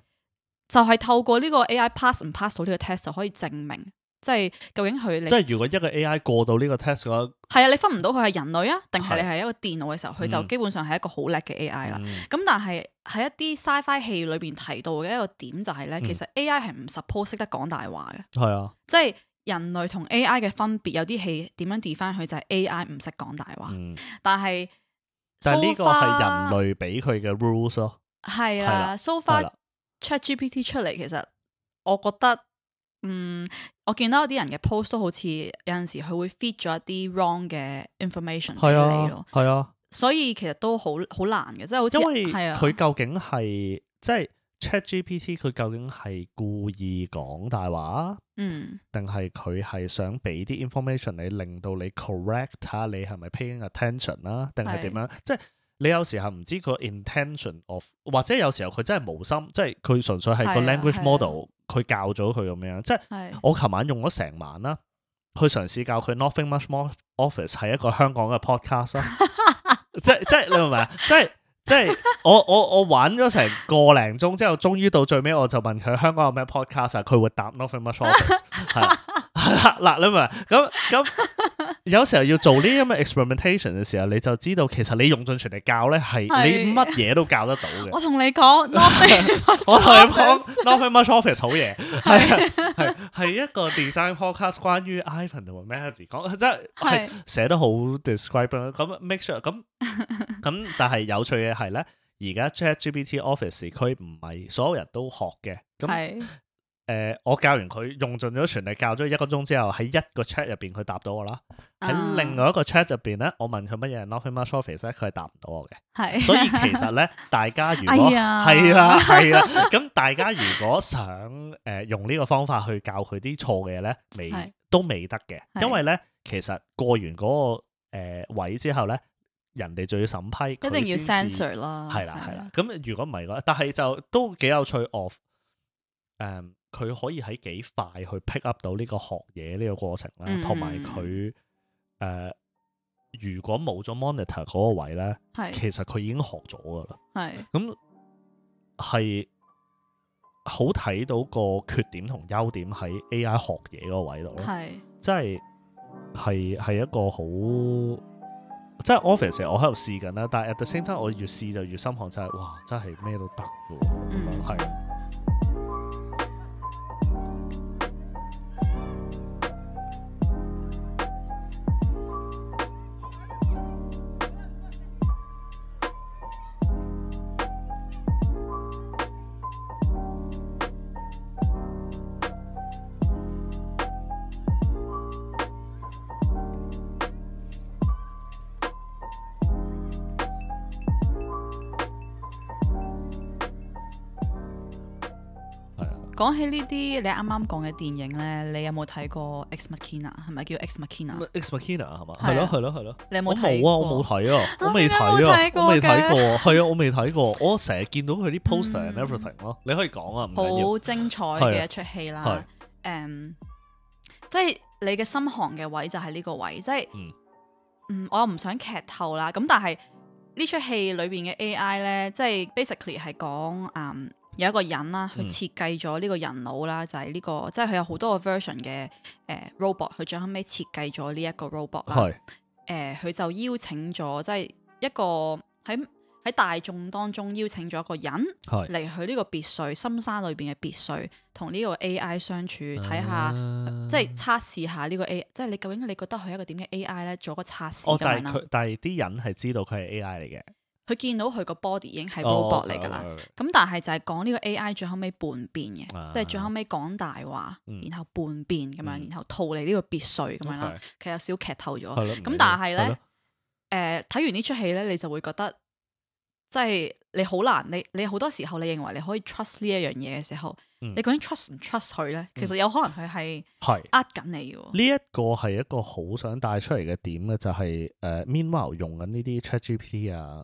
就係透過呢個 A.I. pass 唔 pass 到呢個 test 就可以證明，即係究竟佢。即係如果一個 A.I. 過到呢個 test 嘅話，係啊，你分唔到佢係人類啊，定係你係一個電腦嘅時候，佢就基本上係一個好叻嘅 A.I. 啦。咁但係喺一啲 sci-fi 戲裏邊提到嘅一個點就係咧，其實 A.I. 係唔 suppose 識得講大話嘅。係啊，即係人類同 A.I. 嘅分別，有啲戲點樣 define 佢，就係 A.I. 唔識講大話，但係，但係呢個係人類俾佢嘅 rules 咯。係啊，so far。ChatGPT 出嚟，其實我覺得，嗯，我見到有啲人嘅 post 都好似有陣時佢會 feed 咗一啲 wrong 嘅 information 俾你，咯，係啊，所以其實都、就是、好好難嘅，即係好似係啊，佢究竟係即係 ChatGPT 佢究竟係故意講大話，嗯，定係佢係想俾啲 information 你，令到你 correct 下你係咪 paying attention 啦，定係點樣？是即係。你有時候唔知佢 intention of，或者有時候佢真係無心，即係佢純粹係個 language model 佢、啊啊、教咗佢咁樣。即係我琴晚用咗成晚啦，去嘗試教佢 nothing much more office 係一個香港嘅 podcast 啦。 即即你明唔明啊？即即我我我玩咗成個零鐘之後，終於到最尾，我就問佢香港有咩 podcast，佢會答 nothing much office 係。 啦嗱你咪咁咁有時候要做呢啲咁嘅 experimentation 嘅時候，你就知道其實你用盡全力教，咧係你乜嘢都教得到嘅。我同你講，我同你講 nothing much office 好嘢，係啊係係一個 design podcast 關於 Ivan 同埋 Maggie 講，即係係寫得好 describe 咁 make sure 咁咁但係有趣嘅係咧，而家 ChatGPT office 佢唔係所有人都學嘅，咁係誒、呃，我教完佢用盡咗全力教咗一個鐘之後，喺一個 chat 入邊佢答到我啦。喺、啊、另外一個 chat 入邊咧，我問佢乜嘢？Not much office，佢係答唔到我嘅。係是，所以其實咧，大家如果係啦，係啦、哎呀，咁、啊啊啊嗯、大家如果想誒、呃、用呢個方法去教佢啲錯嘅嘢咧，未是都未得嘅，因為咧其實過完嗰、那個誒、呃、位之後咧，人哋就要審批，一定要 censor 咯。係啦，係啦。咁如果唔係咧，但係就都幾有趣。off，、嗯、誒。佢可以喺幾快去 pick up 到呢個學嘢呢個過程咧、啊，同埋佢誒，如果冇咗 monitor 嗰個位咧，係係其實佢已經學咗噶啦，係咁係好睇到個缺點同優點喺 AI 學嘢嗰個位度咧，係即係係係一個好即係 office 我喺度試緊啦，但係 at the same time 我越試就越心寒、就係，真係哇真係咩都得嘅，係、嗯。講起呢啲你啱啱講嘅電影咧，你有冇睇過 Ex Machina？係咪叫 Ex Machina？Ex Machina 係嘛？係咯係咯係咯。你有冇睇？我冇啊，我冇睇啊，我未睇啊，未睇過。係啊，我未睇過。我成日見到佢啲 post and, everything 咯。你可以講啊，唔緊要。好精彩嘅一齣戲啦。誒，即係你嘅心寒嘅位就喺呢個位。即係，嗯，我又唔想劇透啦。咁但係呢齣戲裏邊嘅 AI 咧，即係 basically 係講嗯。有一個人啦，佢設計咗呢個人腦啦，嗯、就係呢、呢個，即係佢有好多個 version 嘅誒 robot，佢最後尾設計咗呢一個 robot 啦是。係、呃。佢就邀請咗，即係一個喺喺大眾當中邀請咗一個人嚟是去呢個別墅深山裏邊嘅別墅，同呢個 AI 相處，睇下、啊、即係測試下呢個 A，即係你究竟你覺得佢一個點嘅 AI 呢？做個測試、哦、但係佢，但係啲人係知道佢係 AI 嚟嘅。佢見到佢個 body 已經係薄薄嚟噶啦，咁但係就係講呢個 A.I. 最後尾叛變嘅，即係最後尾講大話，然後叛變咁樣，然後逃離呢個別墅咁樣啦。其實有少少劇透咗，咁但係咧，誒，睇完呢出戲咧，你就會覺得，即係你好難，你你好多時候你認為你可以 trust 呢一樣嘢嘅時候，你究竟 trust 唔 trust 佢咧？其實有可能佢係呃緊你嘅。呢一個係一個好想帶出嚟嘅點咧，就係誒，Meanwhile 用緊呢啲 ChatGPT 啊。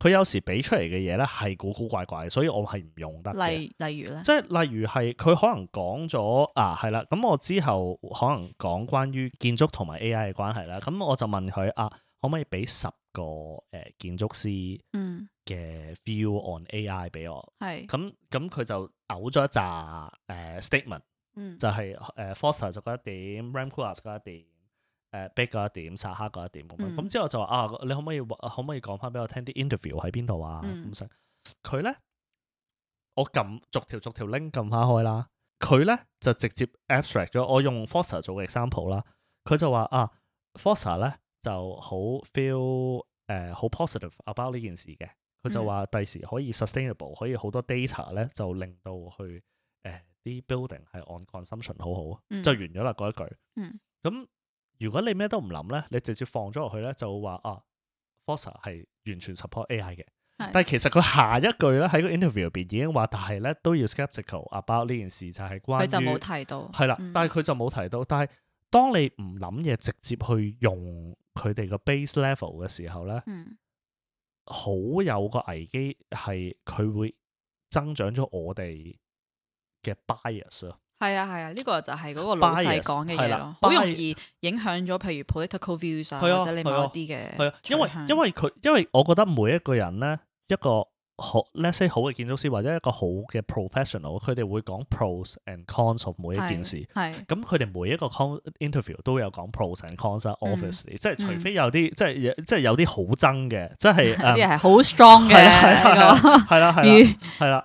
佢有時俾出嚟嘅嘢咧係古古怪怪，所以我係唔用得。例如例如咧，即係例如係佢可能講咗啊，係啦，咁我之後可能講關於建築同埋 AI 嘅關係啦，咁我就問佢啊，可唔可以俾十個誒、呃、建築師嘅 view on AI 俾我？係、嗯，咁咁佢就嘔咗一揸誒、呃、statement，、嗯、就係、是、誒、呃、Foster 就覺得一點，Rem Koolhaas 就覺得一點。誒、uh,，big 一點、嗯，撒哈一點咁樣，咁之後就話啊，你可唔可以可唔可以講翻俾我聽啲 interview 喺邊度啊？咁佢咧，我撳逐條逐條 link 撳翻開啦，佢咧就直接 abstract 咗，我用 Foster 做嘅 example 啦，佢就話啊，Foster 咧就好 feel 誒、呃，好 positive about 呢件事嘅，佢就話第時可以 sustainable，可以好多 data 咧就令到佢誒啲 building 係 on consumption 好好，就完咗啦嗰一句，咁、嗯。嗯如果你咩都唔諗咧，你直接放咗落去咧，就會話啊 Foster 係完全 support AI 嘅。的但係其實佢下一句咧喺個 interview 邊已經話，但係咧都要 skeptical about 呢件事就係、是、關於佢就冇提到係啦，但係佢就冇提到。但係、嗯、當你唔諗嘢，直接去用佢哋個 base level 嘅時候咧，嗯、好有個危機係佢會增長咗我哋嘅 bias。係啊係啊，呢個就係嗰個老細講嘅嘢咯，好容易影響咗，譬如 political views 啊，或者你某啲嘅。係啊，因為因為佢因為我覺得每一個人咧，一個好 let's say 好嘅建築師或者一個好嘅 professional，佢哋會講 pros and cons of 每一件事。係。咁佢哋每一個 interview 都有講 pros and cons obviously，of office、啊、即係除非有啲即係即係有啲好憎嘅，即係 有啲係好 strong 嘅，係啦係啦係啦。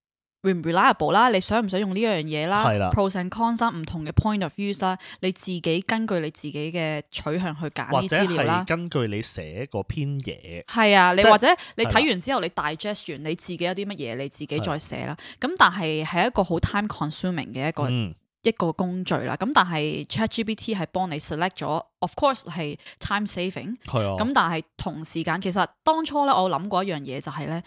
reliable 啦，Rel iable, 你想唔想用呢樣嘢啦？係啦的，pros and cons 唔同嘅 point of use 啦，你自己根據你自己嘅取向去揀呢啲資料啦。根據你寫嗰篇嘢。係啊的，就是、你或者你睇完之後，你 digest 完你自己有啲乜嘢，你自己再寫啦。咁的但係係一個好 time consuming 嘅一個、嗯、一個工序啦。咁但係 ChatGPT 係幫你 select 咗，of course 係 time saving 的。係啊。咁但係同時間，其實當初咧，我諗過一樣嘢就係、是、咧。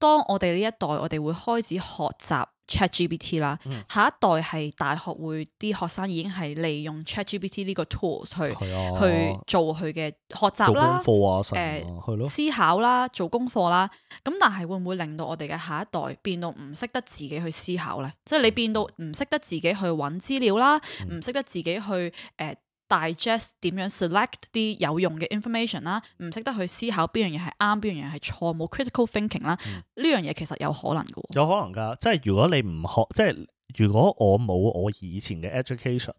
當我哋呢一代，我哋會開始學習 ChatGPT 啦。下一代係大學會啲學生已經係利用 ChatGPT 呢個 tool 去、啊、去做佢嘅學習啦，誒思考啦，做功課啦。咁但係會唔會令到我哋嘅下一代變到唔識得自己去思考咧？嗯、即係你變到唔識得自己去揾資料啦，唔識、嗯、得自己去誒。呃 Digest 點樣 select 啲有用嘅 information 啦，唔識得去思考邊樣嘢係啱，邊樣嘢係錯，冇 critical thinking 啦、嗯。呢樣嘢其實有可能㗎。有可能㗎，即係如果你唔學，即係如果我冇我以前嘅 education，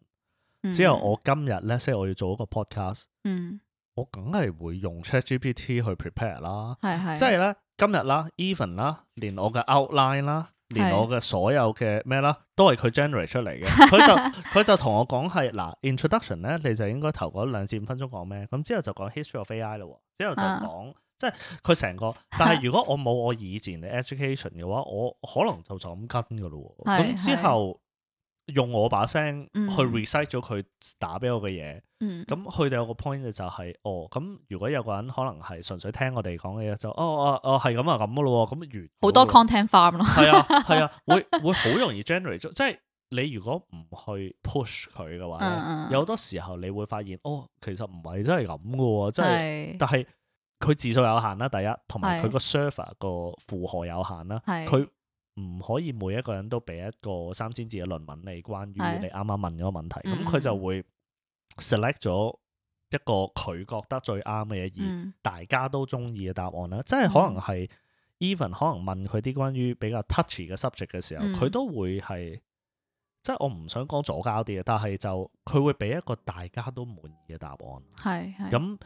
只有我今日咧，即係、嗯、我要做一個 podcast，嗯，我梗係會用 ChatGPT 去 prepare 啦，係係是是，即係咧今日啦，even 啦，連我嘅 outline 啦。連我嘅所有嘅咩啦，都係佢 generate 出嚟嘅。佢就佢就同我講係，嗱，introduction 咧，你就應該頭嗰兩至五分鐘講咩，咁之後就講 history of AI 咯。之後就講、啊、即係佢成個。但係如果我冇我以前嘅 education 嘅話，我可能就就咁跟噶咯。咁、啊、之後。用我把聲去 recite 咗佢打俾我嘅嘢，咁佢哋有個 point 嘅就係、是，哦，咁如果有個人可能係純粹聽我哋講嘅嘢，就哦哦哦係咁啊咁嘅咯，咁、啊嗯、完好多 content farm 咯、啊，係啊係啊，會會好容易 generate，即係 你如果唔去 push 佢嘅話嗯嗯，有好多時候你會發現，哦，其實唔係真係咁嘅，即係，是但係佢字數有限啦，第一，同埋佢個 server 個負荷有限啦，佢是。唔可以每一個人都俾一個三千字嘅論文你，關於你啱啱問嗰個問題，咁佢、嗯、就會 select 咗一個佢覺得最啱嘅嘢，嗯、而大家都中意嘅答案咧、嗯，即係可能係 even 可能問佢啲關於比較 touchy 嘅 subject 嘅時候，佢、嗯、都會係，即係我唔想講左膠啲嘅，但係就佢會俾一個大家都滿意嘅答案，係的，咁。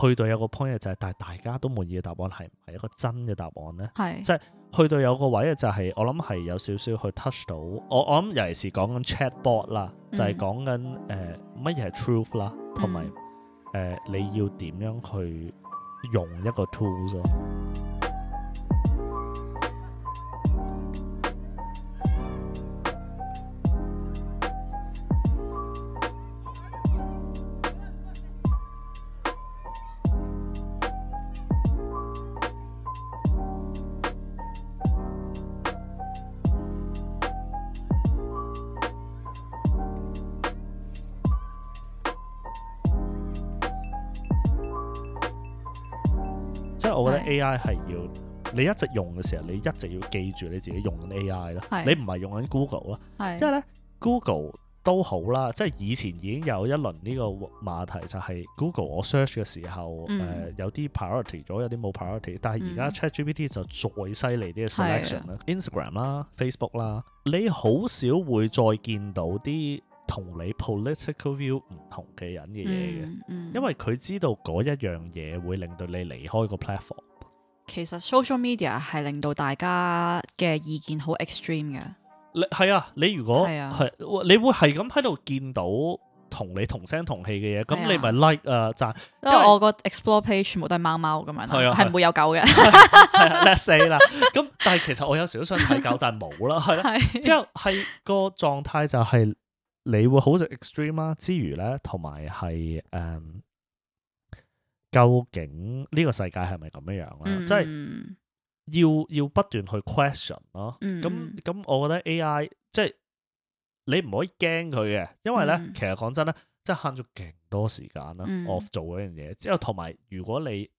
去到有個 point 就係、是，但係大家都滿意嘅答案係唔係一個真嘅答案呢？係即係去到有個位嘅就係、是，我諗係有少少去 touch 到我，我諗尤其是講緊 chatbot 啦，嗯、就係講緊誒乜嘢係 truth 啦，同埋誒你要點樣去用一個 tools，啊。A.I. 係要你一直用嘅時候，你一直要記住你自己用緊 A.I. 啦。是的 你唔係用緊 Google 啦，是的 因為咧 Google 都好啦，即係以前已經有一輪呢個話題就係 Google 我 search 嘅時候，誒有啲 priority 咗，有啲冇 priority。Pri ity，但係而家 ChatGPT 就再犀利啲嘅 selection 啦。是的 Instagram 啦、Facebook 啦，你好少會再見到啲同你 political view 唔同嘅人嘅嘢嘅，嗯、因為佢知道嗰一樣嘢會令到你離開個 platform。其實 social media 係令到大家嘅意見好 extreme 嘅，你係啊，你如果係啊，係你會係咁喺度見到同你同聲同氣嘅嘢，咁、啊、你咪 like 啊贊，因為，因為我個 explore page 全部都係貓貓咁樣，係啊係，唔會有狗嘅 l e s、啊啊、s i 啦、 啊。咁 但係其實我有時都想睇狗， 但係冇啦，係啦、啊。啊、 之後係個狀態就係你會好食 extreme 啊，之餘咧同埋係誒。究竟呢個世界係咪咁樣樣、啊、咧？即係、嗯、要要不斷去 question 咯。咁咁，我覺得 AI 即係你唔可以驚佢嘅，因為咧，其實講真咧，即係慳咗勁多時間啦。我做嗰樣嘢之後，同埋如果你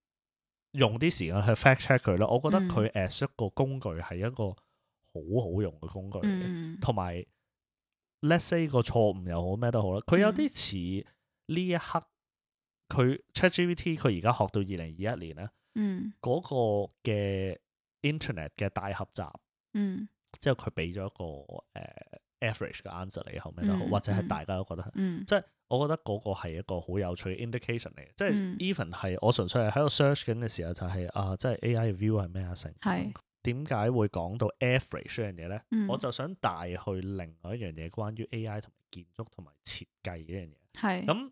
用啲時間去 fact check 佢咯，我覺得佢 as 一個工具係一個好好用嘅工具嚟嘅。同埋，let’s say 個錯誤又好咩都好啦，佢有啲似呢一刻。佢 ChatGPT 佢而家學到二零二一年咧，嗰個嘅 Internet 嘅大合集，即係佢俾咗一個誒 average 嘅 answer 嚟，後都好，或者係大家都覺得，即係我覺得嗰個係一個好有趣嘅 indication 嚟嘅，即係 even 係，我純粹係喺度 search 緊嘅時候就係啊，即係 AI view 係咩啊成，點解會講到 average 呢樣嘢咧？我就想帶去另外一樣嘢，關於 AI 同埋建築同埋設計呢樣嘢，咁。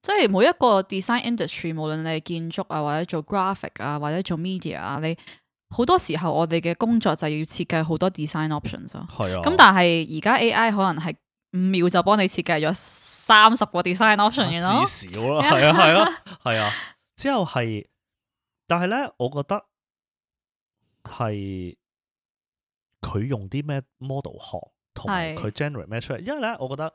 即係每一個 design industry，無論你係建築啊，或者做 graphic 啊，或者做 media 啊，你好多時候我哋嘅工作就要設計好多 design options 啊。係啊。咁但係而家 AI 可能係五秒就幫你設計咗三十個 design options 咯，至少啦，係啊，係 啊，係啊。啊 之後係，但係咧，我覺得係佢用啲咩 model 學，同佢 generate 咩出嚟？因為咧，我覺得。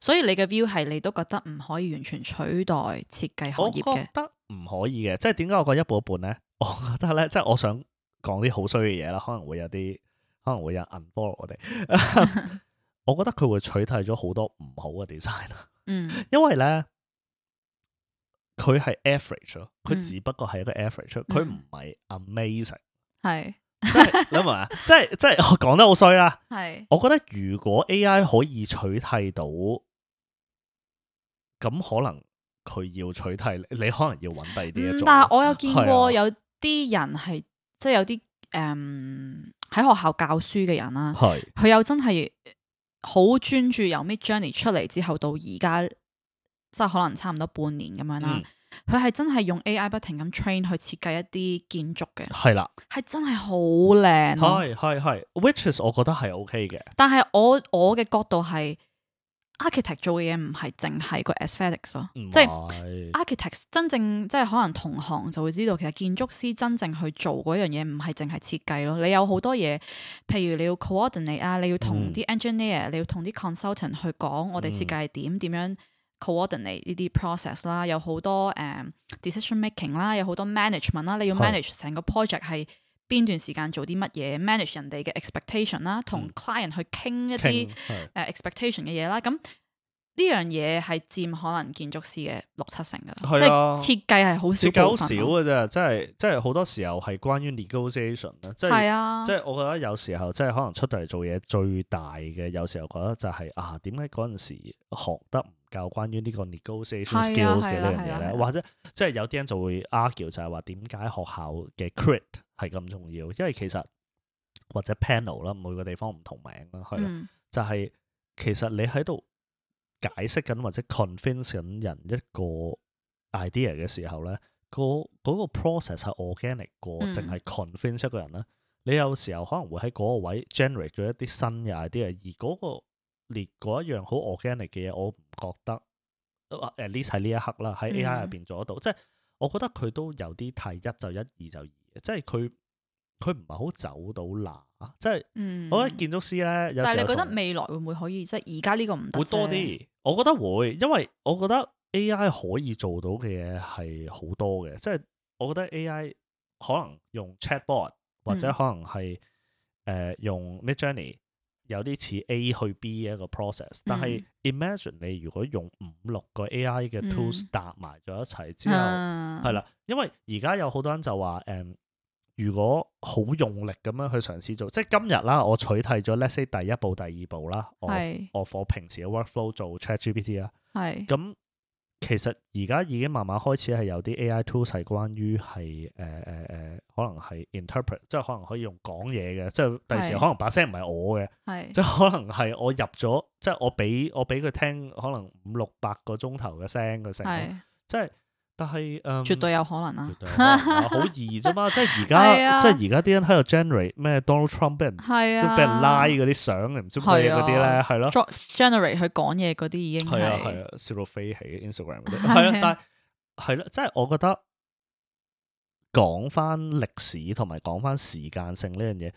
所以你嘅 view 係，你都覺得唔可以完全取代設計行業嘅，我覺得唔可以嘅，即係點解我覺一,一半一半咧？我覺得咧，即係我想講啲好衰嘅嘢啦，可能會有啲，可能會有 unfollow 我哋。 我覺得佢會取代咗好多唔好嘅 design，嗯，因為咧佢係 average 咯，佢只不過係一個 average，佢唔係 amazing，係。嗯即諗下，即即我講得好衰啦。係是，我覺得如果 A I 可以取代到，咁可能佢要取代你，你可能要揾第啲。但係我有見過有啲人係，啊、即有啲誒喺學校教書嘅人啦。係是，佢又真係好專注由 Midjourney 出嚟之後到而家，即可能差唔多半年咁樣啦。嗯。佢係真係用 A.I. 不停咁 train 去設計一啲建築嘅，係啦是的，係真係好靚，係係係 which is 我覺得係 O.K. 嘅。但係我我嘅角度係 architect 做嘅嘢唔係淨係個 aesthetics 咯，即係 architect 真正即係可能同行就會知道，其實建築師真正去做嗰樣嘢唔係淨係設計咯，你有好多嘢，譬如你要 coordinate 啊，你要同啲 engineer，、嗯、你要同啲 consultant 去講我哋設計係點，點樣。嗯 coordinate 呢啲 process 啦，有好多誒 decision making 啦，有好多 management 啦，你要 manage 成個 project 係邊段時間做啲乜嘢，manage 人哋嘅 expectation 啦，同 client 去傾一啲誒 expectation 嘅嘢啦，咁呢樣嘢係佔可能建築師嘅六七成噶、啊、即係設計係好少，少嘅啫，即係即係好多時候係關於 negotiation 啦，啊、即係，即係我覺得有時候即係可能出到嚟做嘢最大嘅，有時候覺得就係、是、啊，點解嗰陣時學得唔？.教關於呢個 negotiation skills 嘅、啊啊、呢樣嘢咧，啊啊啊、或者即係有啲人就會 argue 就係話點解學校嘅 crit 係咁重要？因為其實或者 panel 啦，每個地方唔同名啦，係啦、啊，嗯、就係其實你喺度解釋緊或者 convince 緊人一個 idea 嘅時候咧，個嗰、嗰個 process 係 organic 過，淨係 convince 一個人啦。你有時候可能會喺嗰個位 generate 咗一啲新嘅 idea，而嗰、嗰個。列嗰一樣好 organic 嘅嘢，我唔覺得。至少喺呢一刻啦，喺 AI 入邊做得到，嗯、即係我覺得佢都有啲太一就一，二就二嘅，即係佢佢唔係好走到哪，即係、嗯、我覺得建築師咧。但係你覺得未來會唔會可以，即係而家呢個唔會多啲？我覺得會，因為我覺得 AI 可以做到嘅嘢係好多嘅，即係我覺得 AI 可能用 chatbot 或者可能係誒、嗯呃、用 Midjourney。有啲似 A 去 B 嘅一個 process，但係 imagine 你如果用五六個 AI 嘅 tools、嗯、搭埋咗一齊之後，係啦、啊，因為而家有好多人就話誒、嗯、如果好用力咁樣去嘗試做，即係今日啦，我取締咗 Let’s say 第一步、第二步啦，我是我用平時嘅 workflow 做 ChatGPT 啦，係是。咁。其實而家已經慢慢開始係有啲 AI tools 係關於係誒誒可能係 interpret，即係可能可以用講嘢嘅，是即係第時可能把聲唔係我嘅是，即係可能係我入咗，即係我俾我俾佢聽，可能五六百個鐘頭嘅聲嘅聲，是即係。但係誒，嗯、絕對有可能啦，啊，好易啫嘛！即係而家，即係而家啲人喺度 generate 咩 Donald Trump 俾人，即係俾人拉嗰啲相，你唔知乜嘢嗰啲咧，係咯的。generate 佢講嘢嗰啲已經係，係啊，笑到飛起，Instagram。係啊的， 但係，係咯，即係我覺得講翻歷史同埋講翻時間性呢樣嘢，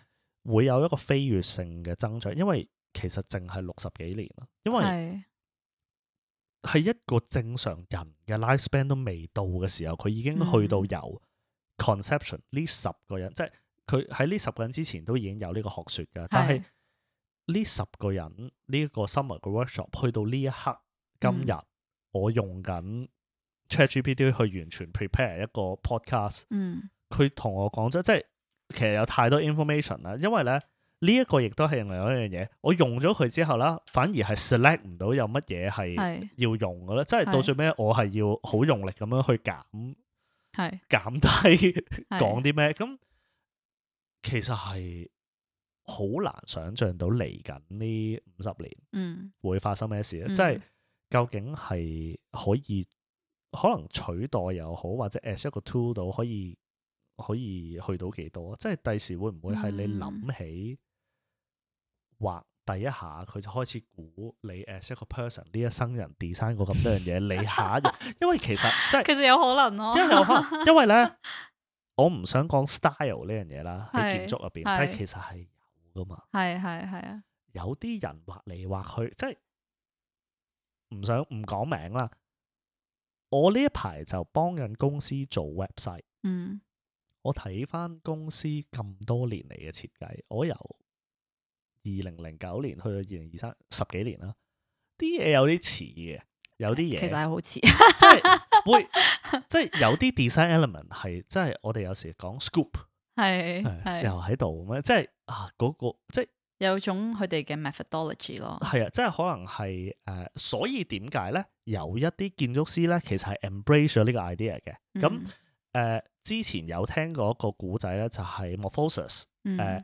會有一個飛躍性嘅增長，fi, 因為其實淨係六十幾年啊，因為。 對 係一個正常人嘅 lifespan 都未到嘅時候，佢已經去到有 conception 呢十個人，嗯、即係佢喺呢十個人之前都已經有呢個學說嘅。是但係呢十個人呢一個 summer 嘅 workshop 去到呢一刻今日，我用緊 ChatGPT 去完全 prepare 一個 podcast。嗯，佢同我講咗，即係其實有太多 information 啦，因為咧。呢一個亦都係另外一樣嘢，我用咗佢之後啦，反而係 select 唔到有乜嘢係要用嘅咧，是即係到最尾我係要好用力咁樣去減，減是低講啲咩？咁其實係好難想像到嚟緊呢五十年，嗯，會發生咩事咧？即係究竟係可以可能取代又好，或者 as 一個 tool 到可以可以，可以去到幾多？即係第時會唔會係你諗起？嗯畫第一下，佢就開始估你 as，一個 person 呢一生人 design 過咁多樣嘢， 你下一日，因為其實即係其實有可能咯、啊，因為因為咧，我唔想講 style 呢樣嘢啦，喺建築入邊，但係其實係有噶嘛，係係係啊，有啲人畫嚟畫去，即係唔想唔講名啦。我呢一排就幫緊公司做 website，嗯，我睇翻公司咁多年嚟嘅設計，我由。二零零九年去到二零二三，十幾年啦，啲嘢有啲似嘅，有啲嘢其實係好似，即係會是是，即係有啲 design element 係，即係我哋有時講 scoop 係，又喺度咩？即係啊，嗰個即係有種佢哋嘅 methodology 咯，係啊，即係可能係誒、呃，所以點解咧？有一啲建築師咧，其實係 embrace 咗呢個 idea 嘅。咁誒、嗯呃，之前有聽過一個古仔咧，就係、是、Morphosis，誒、呃。嗯嗯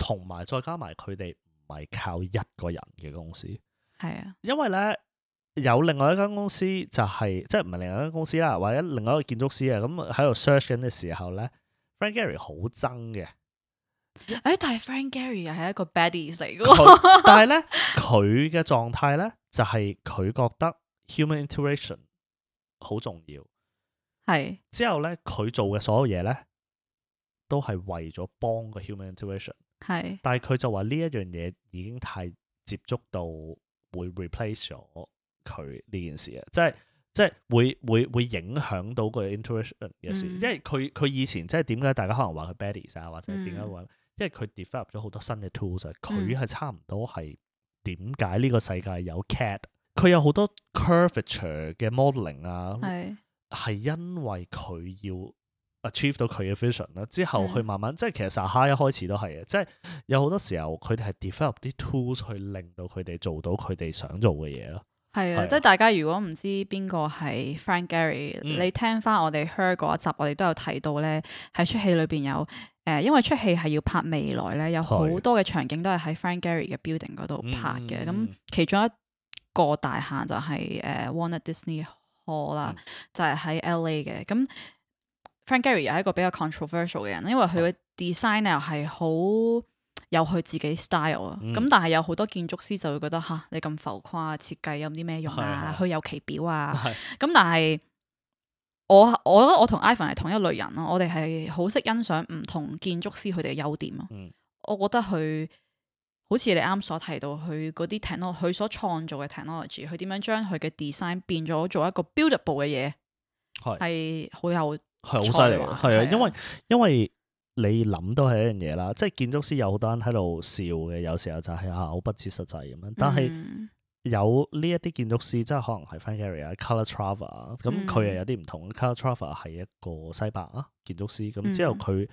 同埋再加埋佢哋唔係靠一個人嘅公司，係啊，因為咧有另外一間公司就係、是、即係唔係另外一間公司啦，或者另外一個建築師嘅咁喺度 search 緊嘅時候咧、欸，Frank Gehry 好憎嘅，誒， 但係 Frank Gehry 又係一個 badie 嚟但係咧佢嘅狀態咧就係、是、佢覺得 human intuition 好重要，係是之後咧佢做嘅所有嘢咧都係為咗幫個 human intuition。係，是但係佢就話呢一樣嘢已經太接觸到會 replace 咗佢呢件事啊，即係即係會會會影響到個 intuition 嘅事，因為佢佢以前即係點解大家可能話佢 badies 啊，或者點解話，嗯、因為佢 develop 咗好多新嘅 tools，佢係差唔多係點解呢個世界有 cat，佢、嗯、有好多 curvature 嘅 modeling 啊，係是因為佢要。achieve 到佢嘅 vision 啦，之後去慢慢、嗯、即係其實沙哈一開始都係嘅，即係有好多時候佢哋係 develop 啲 tools 去令到佢哋做到佢哋想做嘅嘢咯。係啊，啊即係大家如果唔知邊個係 Frank Gehry，、嗯、你聽翻我哋 Her 嗰一集，我哋都有睇到咧，喺出戲裏邊有誒、呃，因為出戲係要拍未來咧，有好多嘅場景都係喺 Frank Gehry 嘅 building 嗰度拍嘅，咁、嗯、其中一個大廈就係、是、誒、呃、Walt Disney Hall 啦、嗯，就係喺 LA 嘅咁。Frank Gary 又係一個比較 controversial 嘅人，因為佢嘅 design 又係好有佢自己 style 啊。咁、嗯、但係有好多建築師就會覺得吓，你咁浮誇設計有啲咩用啊？虛、嗯、有其表啊。咁、嗯、但係我我覺得我同 Ivan 係同一類人咯。我哋係好識欣賞唔同建築師佢哋嘅優點啊。嗯、我覺得佢好似你啱所提到佢嗰啲 technology，佢所創造嘅 technology，佢點樣將佢嘅 design 變咗做一個 buildable 嘅嘢，係好、嗯、有。係好犀利，係啊，因為因為你諗都係一樣嘢啦，即係建築師有好多人喺度笑嘅，有時候就係、是、啊好不切實際咁樣。但係有呢一啲建築師，即係可能係 Frank Gehry 啊 Calatrava 啊，咁佢又有啲唔同。Calatrava 係一個西班牙、啊、建築師，咁之後佢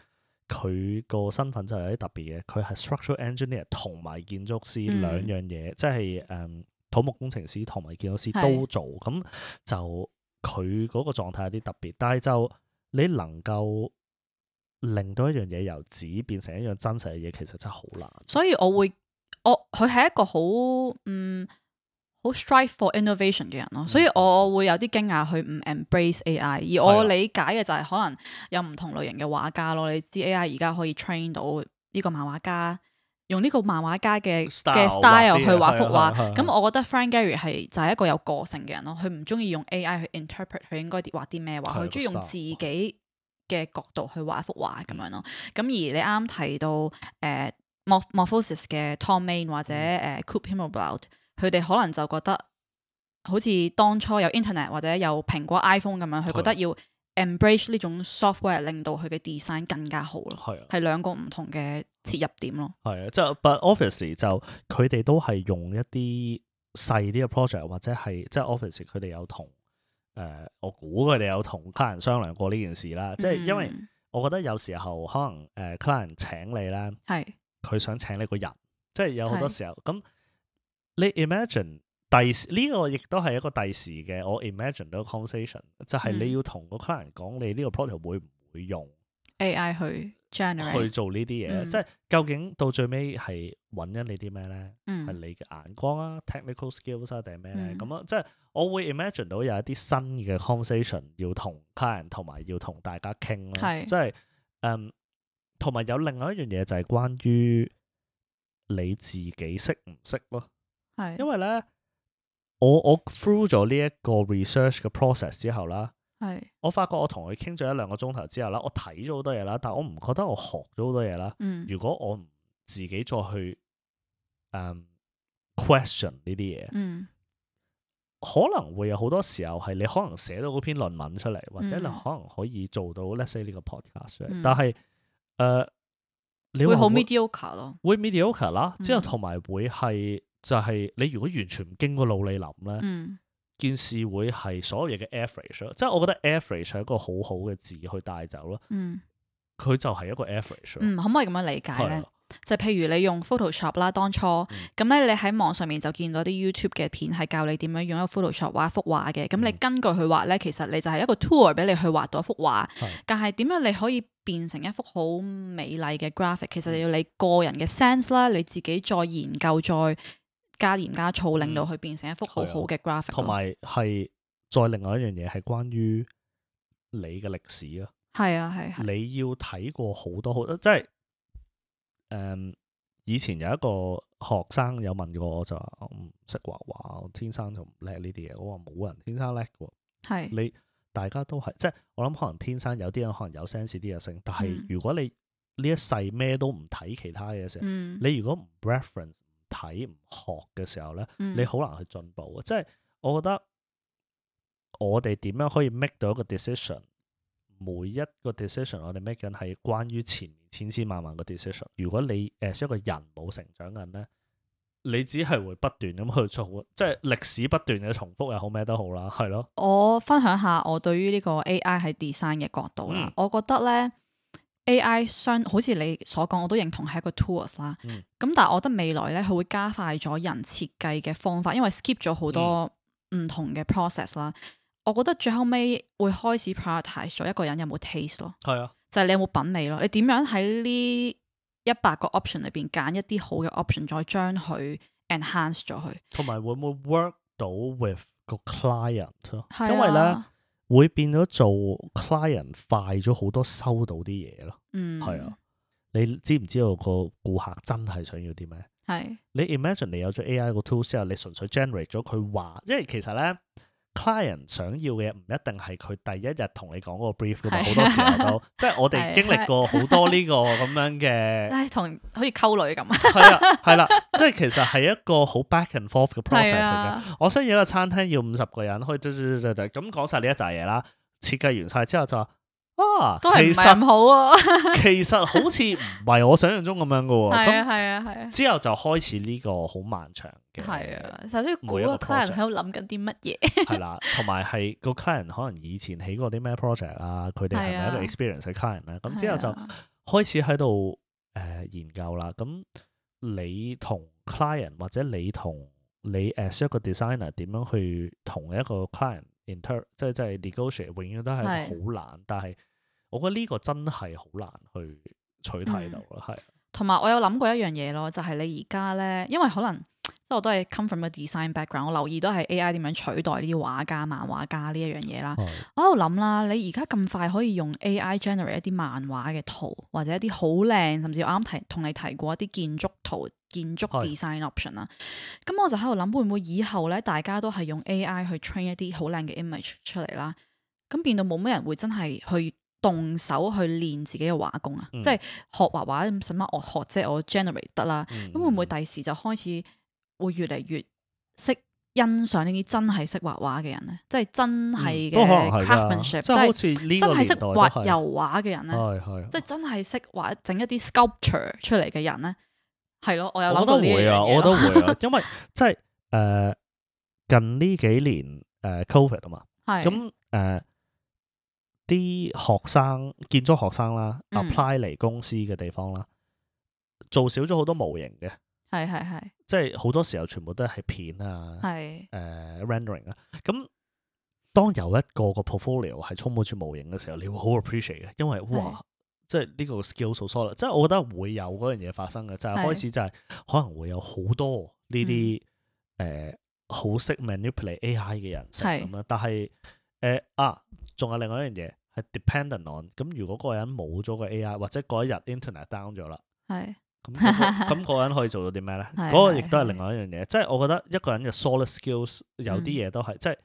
佢個身份就有啲特別嘅，佢係 structural engineer 同埋建築師兩、嗯、樣嘢，即係誒、嗯、土木工程師同埋建築師都做，咁的就佢嗰個狀態有啲特別，但係就。你能夠令到一樣嘢由紙變成一樣真實嘅嘢，其實真係好難。所以我會，我佢係一個好，嗯，好 strive for innovation 嘅人咯。嗯、所以我會有啲驚訝去唔 embrace AI。而我理解嘅就係可能有唔同類型嘅畫家咯。是啊、你知 AI 而家可以 train 到呢個漫畫家。用呢個漫畫家嘅嘅 style, 的 style 畫去畫幅畫，咁、啊啊啊、我覺得 Frank Gehry 係就係、是、一個有個性嘅人咯，佢唔中意用 AI 去 interpret 佢應該畫啲咩畫，佢中意用自己嘅角度去畫幅畫咁、啊嗯、樣咯。咁而你啱啱提到誒，Morphosis 嘅 Thom Mayne 或者誒、呃、Coop Himmelblau，佢哋可能就覺得好似當初有 Internet 或者有蘋果 iPhone 咁樣，佢覺得要。embrace 呢種 software 令到佢嘅 design 更加好咯，係是啊，係兩個唔同嘅切入點咯，係啊，即係 but obviously 就佢哋都係用一啲細啲嘅 project 或者係即係 office 佢哋有同誒、呃，我估佢哋有同客人商量過呢件事啦，即係、嗯、哼 因為我覺得有時候可能誒，可能客人請你咧係佢想請你個人，即係有好多時候咁是的，你 imagine。第呢個亦都係一個第時嘅，我 imagine 到個 conversation 就係你要同個 client 講：「你呢個 project 會唔會用 AI 去 generate 去做呢啲嘢，嗯、即係究竟到最尾係揾緊你啲咩咧？係、嗯、你嘅眼光啊，technical skills 啊定係咩咧？咁啊、嗯，即係我會 imagine 到有一啲新嘅 conversation 要同 client 同埋要同大家傾啦、啊，是即係誒，同、嗯、埋有，有另外一樣嘢就係關於你自己識唔識咯，係是因為咧。我我 through 咗呢一個 research 嘅 process 之後啦，係是我發覺我同佢傾咗一兩個鐘頭之後啦，我睇咗好多嘢啦，但我唔覺得我學咗好多嘢啦。嗯、如果我唔自己再去誒、um, question 呢啲嘢，嗯、可能會有好多時候係你可能寫到嗰篇論文出嚟，或者你可能可以做到 let's、嗯、say 呢個 podcast，、嗯、但係誒、呃、你會好 mediocre 咯，會 mediocre 啦，之後同埋會係。就係你如果完全唔經過腦嚟諗咧，嗯、件事會係所有嘢嘅 average 咯。即、就、係、是、我覺得 average 係一個好好嘅字去帶走咯。佢、嗯、就係一個 average、嗯。可唔可以咁樣理解呢？是的 就譬如你用 Photoshop 啦，當初咁咧，嗯、你喺網上面就見到啲 YouTube 嘅片，係教你點樣用 Photoshop 畫一幅畫嘅。咁、嗯、你根據佢畫呢，其實你就係一個 tool 俾你去畫到一幅畫。是的 但係點樣你可以變成一幅好美麗嘅 graphic？其實要你個人嘅 sense 啦，你自己再研究再。加鹽加醋令到佢變成一幅好好嘅 graphic 同埋係再另外一樣嘢，係關於你嘅歷史啊。係啊，係、啊。你要睇過好多好多，即係誒、嗯。以前有一個學生有問過我，就話：我唔識畫畫，天生就唔叻呢啲嘢。我話冇人天生叻嘅，係、啊、你大家都係即係。我諗可能天生有啲人可能有 sense 啲嘢性，但係如果你呢一世咩都唔睇其他嘅時候，嗯、你如果唔 reference。睇唔學嘅時候咧，嗯、你好難去進步啊。即係我覺得我哋點樣可以 make 到一個 decision？每一個 decision 我哋 make 緊係關於前面千千萬萬個 decision。如果你誒、呃、一個人冇成長緊咧，你只係會不斷咁去做，即係歷史不斷嘅重複又好，咩都好啦，係咯。我分享下我對於呢個 AI 喺 design 嘅角度啦。嗯、我覺得咧。AI 相好似你所講，我都認同係一個 tools 啦。咁、嗯、但係我覺得未來呢，佢會加快咗人設計嘅方法，因為 skip 咗好多唔同嘅 process 啦。嗯、我覺得最後尾會開始 prioritise 咗一個人有冇 taste 咯。係是啊，就係你有冇品味咯？你點樣喺呢一百個 option 裏邊揀一啲好嘅 option，再將佢 enhance 咗佢。同埋會唔會 work 到 with 個 client 咯？是啊、因為呢。會變咗做 client 快咗好多，收到啲嘢咯。嗯，係啊，你知唔知道個顧客真係想要啲咩？係，你 imagine 你有咗 AI 個 tool 之後，你純粹 generate 咗佢話，因為其實咧。client 想要嘅唔一定係佢第一日同你講嗰個 brief 㗎嘛。好多時候都即係我哋經歷過好多呢個咁樣嘅，係同好似溝女咁啊，係啦係啦，即係其實係一個好 back and forth 嘅 process 嚟嘅。我需要個餐廳要五十個人，可以嘟嘟嘟嘟咁講晒呢一扎嘢啦，設計完晒之後就。啊，都係唔係咁好啊？其實，其實好似唔係我想象中咁樣嘅喎。啊，係 啊，係啊。啊啊之後就開始呢個好漫長嘅。係啊，首先估一個 client 喺度諗緊啲乜嘢？係啦，同埋係個 client 可能以前起過啲咩 project 啊，佢哋係咪一個 experience 嘅 client 咧、啊？咁、啊、之後就開始喺度誒研究啦。咁、啊、你同 client 或者你同你誒 structural designer 點樣去同一個 client inter 即係、就、即、是、係 negotiate，永遠都係好難，啊、但係。我覺得呢個真係好難去取代到咯，同埋、嗯、是我有諗過一樣嘢咯，就係、是、你而家咧，因為可能即係我都係 come from a design background，我留意都係 AI 點樣取代呢啲畫家、漫畫家呢一樣嘢啦。是我喺度諗啦，你而家咁快可以用 AI generate 一啲漫畫嘅圖，或者一啲好靚，甚至我啱提同你提過一啲建築圖、建築 design option 啦。咁是我就喺度諗會唔會以後咧，大家都係用 AI 去 train 一啲好靚嘅 image 出嚟啦。咁變到冇咩人會真係去。動手去練自己嘅畫功啊，嗯、即係學畫畫。使乜我學，即係我 generate 得啦、嗯？咁會唔會第時就開始會越嚟越識欣賞呢啲真係識畫畫嘅人咧？即係真係嘅 craftsmanship，、嗯、即係好似真係識畫油畫嘅人咧，係係、嗯，即係真係識畫整一啲 sculpture 出嚟嘅人咧，係咯、嗯？我又諗到呢啲嘢啊，我都會啊，因為即係誒近呢幾年誒 COVID 啊嘛，咁誒。啲學生建築學生啦，apply 嚟、嗯、公司嘅地方啦，做少咗好多模型嘅，係係係，即係好多時候全部都係片啊，係誒是是、呃、rendering 啊，咁、嗯、當有一個個 portfolio 係充滿住模型嘅時候，你會好 appreciate 嘅，因為哇，是是即係呢個 skill s 數縮啦，即係我覺得會有嗰樣嘢發生嘅，就係開始就係可能會有好多呢啲誒好識是是、呃、manipulate AI 嘅人係咁樣，是是但係誒、呃、啊。仲有另外一樣嘢係 dependent on，咁如果個人冇咗個 AI 或者嗰一日 internet down 咗啦，係是，咁咁個人可以做到啲咩咧？嗰 個亦都係另外一樣嘢，即係我覺得一個人嘅 solid skills 有啲嘢都係，嗯、即係誒。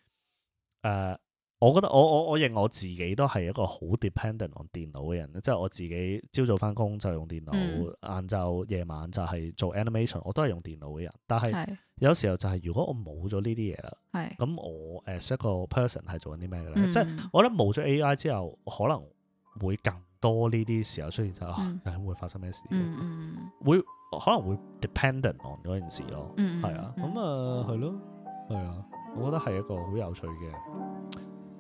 呃我覺得我我我認我自己都係一個好 dependent on 電腦嘅人，即係我自己朝早翻工就用電腦，晏晝夜晚就係做 animation，我都係用電腦嘅人。但係有時候就係如果我冇咗呢啲嘢啦，咁是 我 as 一個 person 係做緊啲咩嘅咧？嗯、即係我覺得冇咗 AI 之後可能會更多呢啲時候出現就係、啊、會發生咩事？嗯嗯會可能會 dependent on 嗰件事咯。係、嗯嗯、啊，咁、嗯嗯 uh, 啊係咯，係啊，啊，我覺得係一個好有趣嘅。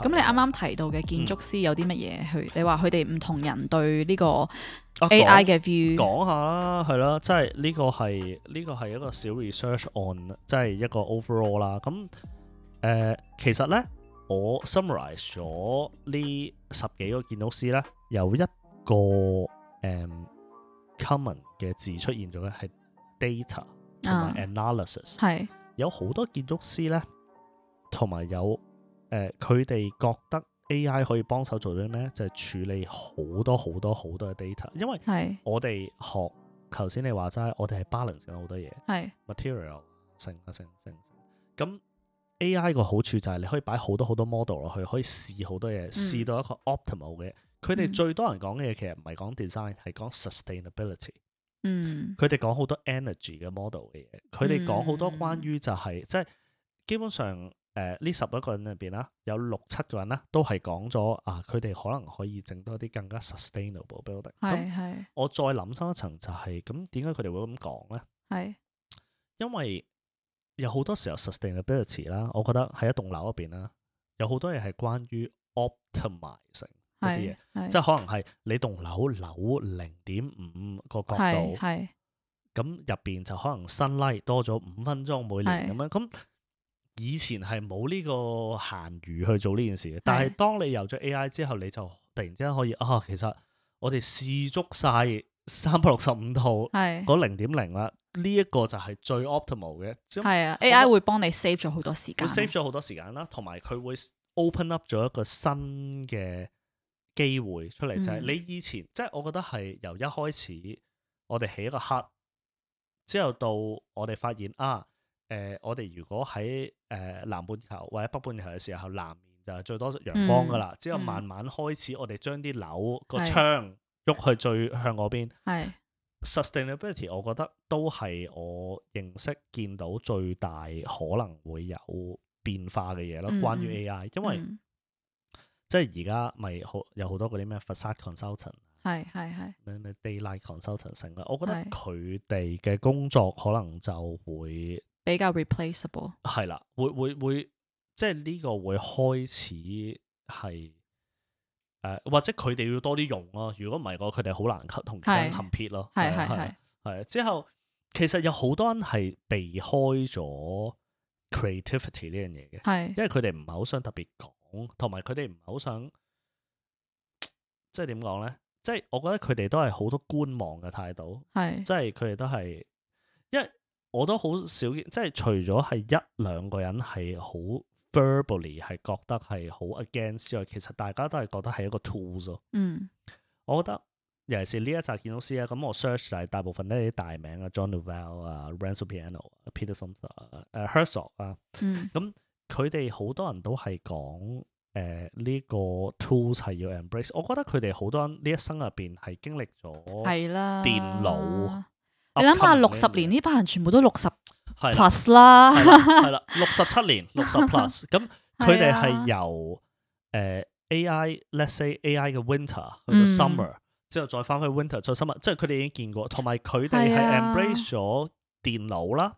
咁你啱啱提到嘅建築師有啲乜嘢？佢、嗯、你話佢哋唔同人對呢個 AI 嘅、啊、的 view 講、啊、下啦，係啦，即係呢個係呢、呢個係一個小 research on，即係一個 overall 啦。咁、嗯、誒、呃，其實咧，我 summarise 咗呢十幾個建築師咧，有一個誒、um, common 嘅字出現咗嘅係 data 同埋 analysis，係、啊、有好多建築師咧，同埋有，有。誒，佢哋、呃、覺得 AI 可以幫手做啲咩？就係、是、處理好多好多好多嘅 data，因為我哋學頭先是你話齋，我哋係 balance 咗好多嘢，係是 material 成啊成、啊啊。成咁 AI 個好處就係你可以擺好多好多 model 落去，可以試好多嘢，嗯、試到一個 optimal 嘅。佢哋最多人講嘅嘢其實唔係講 design，係講 sustainability。嗯，佢哋講好多 energy 嘅 model 嘅嘢，佢哋講好多關於就係即係基本上。誒，呢、呃、十一個人入邊啦，有六七個人咧，都係講咗啊，佢哋可能可以整多啲更加 sustainable building 係係。我再諗深一層就係、是，咁點解佢哋會咁講咧？係的。因為有好多時候 sustainability 啦，我覺得喺一棟樓入邊啦，有好多嘢係關於 optimising 啲嘢，的即係可能係你棟樓扭零點五個角度，係咁入邊就可能 sunlight 多咗五分鐘每年咁樣咁。的的以前係冇呢個閒餘去做呢件事嘅，但係當你有咗 AI 之後，你就突然之間可以啊，其實我哋試足晒三百六十五套，嗰零點零啦，呢、這、一個就係最 optimal 嘅。係啊覺，AI 會幫你 save 咗好多時間，save 咗好多時間啦，同埋佢會 open up 咗一個新嘅機會出嚟，嗯、就係你以前即係、就是、我覺得係由一開始我哋起一個 cut 之後到我哋發現啊。誒、呃，我哋如果喺誒、呃、南半球或者北半球嘅時候，南面就最多陽光噶啦。嗯、之後慢慢開始，嗯、我哋將啲樓個窗喐去最向嗰邊。sustainability，是我覺得都係我認識見到最大可能會有變化嘅嘢咯。嗯、關於 AI，嗯、因為、嗯、即係而家咪好有好多嗰啲咩 facade consultant 係係係咩咩 daylight consultant 成啦。我覺得佢哋嘅工作可能就會。比較 replaceable 係啦，會會會，即係呢個會開始係誒、呃，或者佢哋要多啲用、啊、咯。如果唔係嘅，佢哋好難同人 compete 咯。係係係係之後，其實有好多人係避開咗 creativity 呢樣嘢嘅，係的因為佢哋唔係好想特別講，同埋佢哋唔係好想即係點講咧？即係我覺得佢哋都係好多觀望嘅態度，係的即係佢哋都係一。因為我都好少見，即係除咗係一兩個人係好 verbally 係覺得係好 against 之外，其實大家都係覺得係一個 tools。嗯，我覺得尤其是呢一集見到師啊，咁我 search 就係大部分都係啲大名啊，John n e w e lJean Nouvel 啊、Renzo Piano、嗯、Peter Zumthor、Herzog 啊。咁佢哋好多人都係講誒呢個 tools 係要 embrace。我覺得佢哋好多人呢一生入邊係經歷咗電腦。係啦。你諗下，六十年呢班人全部都六十 plus 啦，係啦， 六十七年六十 plus，咁佢哋係由誒、呃、AI，let's say AI 嘅 winter 去到 summer，、嗯、之後再翻去 winter 再 summer，即係佢哋已經見過，同埋佢哋係 embrace 咗電腦啦、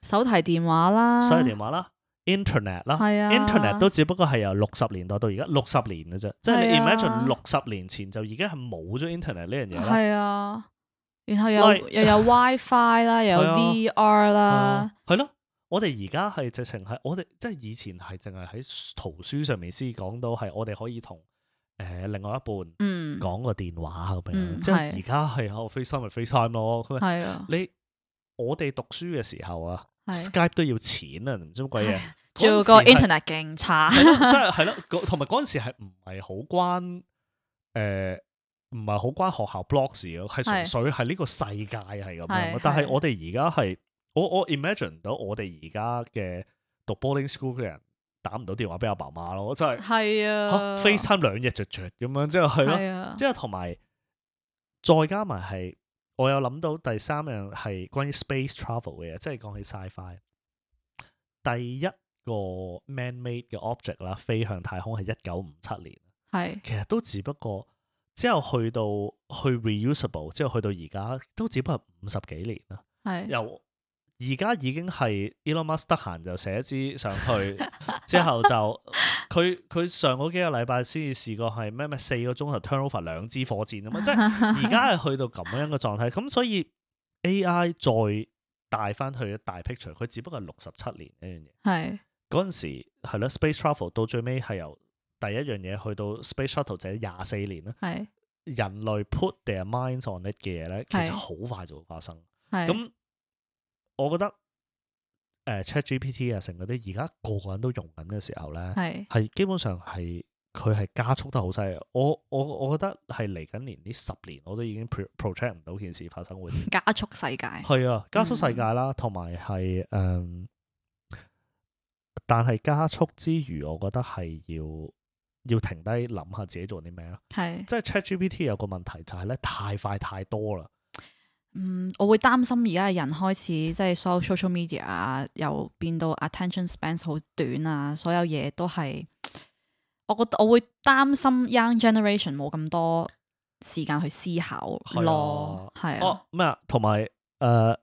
的手提電話啦、手提電話啦手提電話啦、internet 啦的，internet 都只不過係由六十年代到而家六十年嘅啫，即係你 imagine 六十年前就已經係冇咗 internet 呢樣嘢咯，係啊。然後又又有 WiFi 啦、就是，又有 VR 啦、啊，係、um, 咯。我哋而家係直情係，我哋即係以前係淨係喺圖書上面先講到係，我哋可以同誒、呃、另外一半講、嗯、個電話咁、mm, 啊、樣。即係而家係有 FaceTime 咪 FaceTime 咯。你我哋讀書嘅時候啊，Skype 都要錢啊，唔知乜鬼嘢，仲個 internet 勁差，即係係咯，同埋嗰陣時係唔係好關誒。唔係好關學校 blogs 咯，係純粹係呢個世界係咁樣。但係我哋而家係，我我 imagine 到我哋而家嘅讀 boarding school 嘅人打唔到電話俾阿爸媽咯，真係係啊，FaceTime 兩日就著咁樣，即係係啊，即係同埋再加埋係，我有諗到第三樣係關於 space travel 嘅嘢，即係講起 sci-fi 第一個 man-made 嘅 object 啦，飛向太空係一九五七年，係是其實都只不過。之後去到去 reusable，之後去到而家都只不過五十幾年啦。係是，由而家已經係 Elon Musk 得閒就寫一支上去， 之後就佢佢上個幾個禮拜先至試過係咩咩四個鐘頭 turnover 兩支火箭啊嘛， 即係而家係去到咁樣嘅狀態。咁 所以 AI 再帶翻去一大 picture，佢只不過係六十七年呢樣嘢。係嗰陣時係啦，space travel 到最尾係由。第一樣嘢去到 Space Shuttle，就係廿四年啦。係是人類 put their minds on it 嘅嘢咧，是其實好快就會發生。係咁是，我覺得誒 Chat、呃、G P T 啊，成嗰啲而家個個人都用緊嘅時候咧，係，係是基本上係佢係加速得好犀利。我我我覺得係嚟緊年呢十年，我都已經 project pro 唔到件事發生會。加速世界係啊，加速世界啦，同埋係誒，但係加速之餘，我覺得係要。要停低諗下想想自己做啲咩咯，係是即係 ChatGPT 有個問題就係、是、咧太快太多啦。嗯，我會擔心而家嘅人開始即係所有 social media 啊，又變到 attention spans 好短啊，所有嘢都係我覺得我會擔心 young generation 冇咁多時間去思考咯，係啊，咩啊，同埋誒。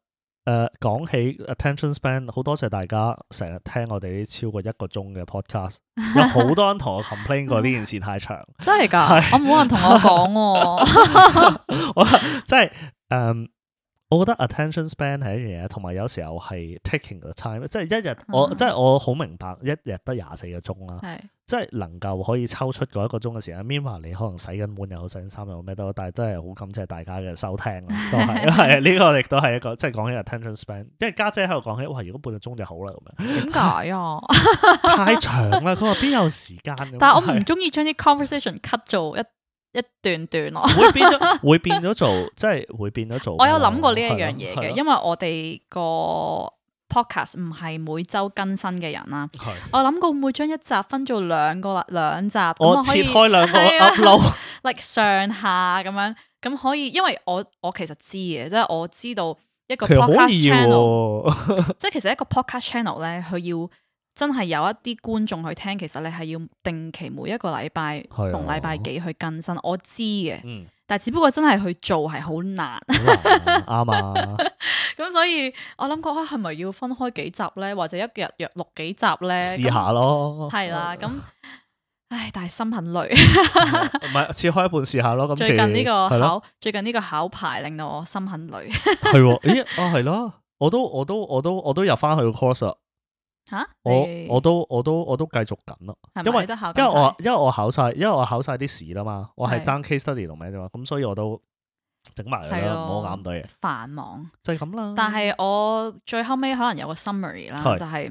誒，講、uh, 起 attention span，好多謝大家成日聽我哋啲超過一個鐘嘅 podcast，有好多人同我 complain 過呢件事太長。 嗯、真係噶，是我冇人同我講。 即係，誒、呃，我覺得 attention span 係一樣嘢，同埋有，有時候係 taking the time，即係一日，嗯、我即係我好明白，一日得廿四個鐘啦。即係能夠可以抽出嗰一個鐘嘅時，時間，Mima 你可能洗緊碗又好，洗緊衫又好咩都，但係都係好感謝大家嘅收聽啦，都係係啊，呢個亦都係一個 即係講起 attention span，因為家姐喺度講起，哇，如果半個鐘就好啦咁樣，點解啊？太長啦！佢話邊有時間？但係我唔中意將啲 conversation cut 做一一段段咯，會變咗 會變咗做，即係會變咗做。我有諗過呢一樣嘢嘅，因為我哋、嗰個。podcast 唔係每周更新嘅人啦，的我諗過會將一集分做兩個啦兩集，咁的啊可以切開兩個 upload，like 上下咁樣，咁可以，因為我我其實知嘅，即係我知道一個 podcast channel，即係其實、啊、channel, 一個 podcast channel 咧，佢要真係有一啲觀眾去聽，其實你係要定期每一個禮拜同禮拜幾去更新，我知嘅。嗯但只不過真係去做係好難，啱啊！咁、 啊、 所以我諗過啊，係咪要分開幾集咧，或者一日約錄幾集咧？試下咯，係啦樣。咁 唉，但係心很累。唔 係、啊，切開一半試下咯。最近呢個，了個考，最近呢個考牌令到我心很累。係 咦啊，係啦！我都我都我都，我都，我，都我都入翻去個 course 嚇！我都我都我都我都繼續緊咯，係係因為因為我因為我考晒因為我考曬啲試啦嘛，的我係爭 case study 同咩啫嘛，咁所以我都整埋啦，唔的好講咁多嘢。繁忙就係咁啦。但係我最後尾可能有個 summary 啦，的就係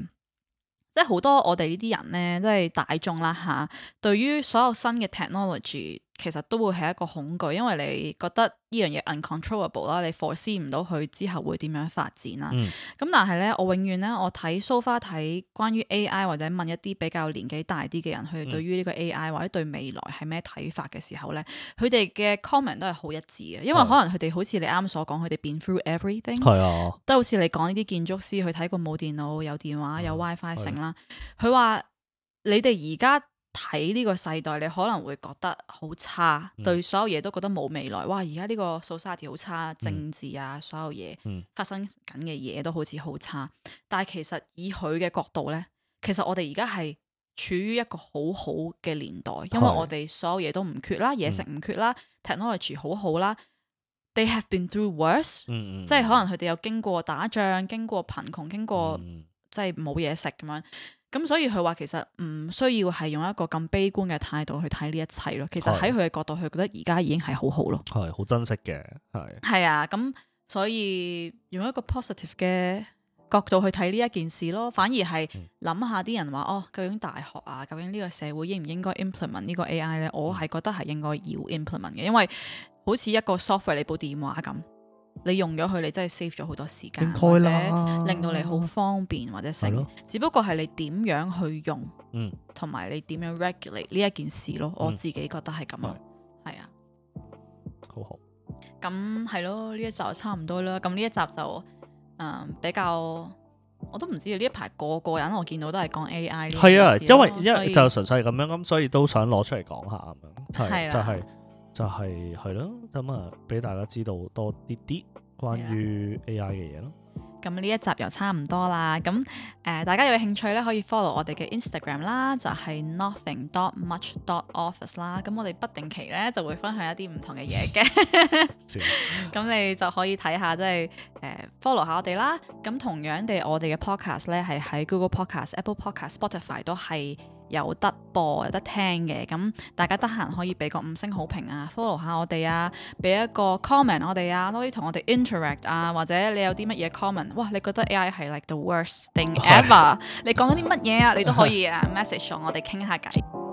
即係好多我哋呢啲人咧，即係大眾啦嚇，對於所有新嘅 technology。其實都會係一個恐懼，因為你覺得呢樣嘢 uncontrollable 啦，你 foresee 唔到佢之後會點樣發展啦。咁、嗯、但係咧，我永遠咧，我睇 so far 睇關於 AI 或者問一啲比較年紀大啲嘅人，佢哋對於呢個 AI 或者對未來係咩睇法嘅時候咧，佢哋嘅 comment 都係好一致嘅，因為可能佢哋的好似你啱所講，佢哋 been through everything，的都好似你講呢啲建築師去睇過冇電腦、有電話、有 WiFi 成啦，佢話的的你哋而家。睇呢個世代，你可能會覺得好差，嗯、對所有嘢都覺得冇未來。哇！而家呢個 society 好差，政治啊，嗯、所有嘢發生緊嘅嘢都好似好差。但係其實以佢嘅角度呢，其實我哋而家係處於一個好好嘅年代，因為我哋所有嘢都唔缺啦，嘢食唔缺啦，technology 好、嗯、好啦。嗯、They have been through worse，嗯嗯、即係可能佢哋有經過打仗、經過貧窮、經過即係冇嘢食咁樣。咁所以佢話其實唔需要係用一個咁悲觀嘅態度去睇呢一切咯，其實喺佢嘅角度，佢覺得而家已經係好好咯，係好珍惜嘅，係係啊，咁所以用一個 positive 嘅角度去睇呢一件事咯，反而係諗下啲人話哦，究竟大學啊，究竟呢個社會應唔應該 implement 呢個 AI 呢？我係覺得係應該要 implement 嘅，因為好似一個 software 你部電話咁。你用咗佢，你真係 save 咗好多時間，或者令到你好方便或者省。只不過係你點樣去用，嗯，同埋你點樣 regulate 呢一件事咯。我自己覺得係咁樣，係啊，好好。咁係咯，呢一集差唔多啦。咁呢一集就，誒，比較，我都唔知。呢一排個個人我見到都係講 AI。係啊，因為因為就純粹係咁樣，咁所以都想攞出嚟講下啊嘛，就係就係。就係係咯，咁啊，俾大家知道多啲啲關於 AI 嘅嘢咯。咁呢一集又差唔多啦。咁誒，大家有興趣咧，可以 follow 我哋嘅 Instagram 啦，就係 nothing dot much dot office 啦。咁我哋不定期咧就會分享一啲唔同嘅嘢嘅。咁你就可以睇下，即係誒 follow 下我哋啦。咁同樣地，我哋嘅 Podcast 咧係喺 Google Podcast、Apple Podcast、Spotify 都係有得播，有得聽嘅，咁大家得閒可以俾個五星好評啊，follow 下我哋啊，俾一個 comment 我哋啊，可以同我哋 interact 啊，或者你有啲乜嘢 comment，哇，你覺得 AI 係 like the worst thing ever，你講緊啲乜嘢啊？你都可以啊 message 我，我哋傾下偈。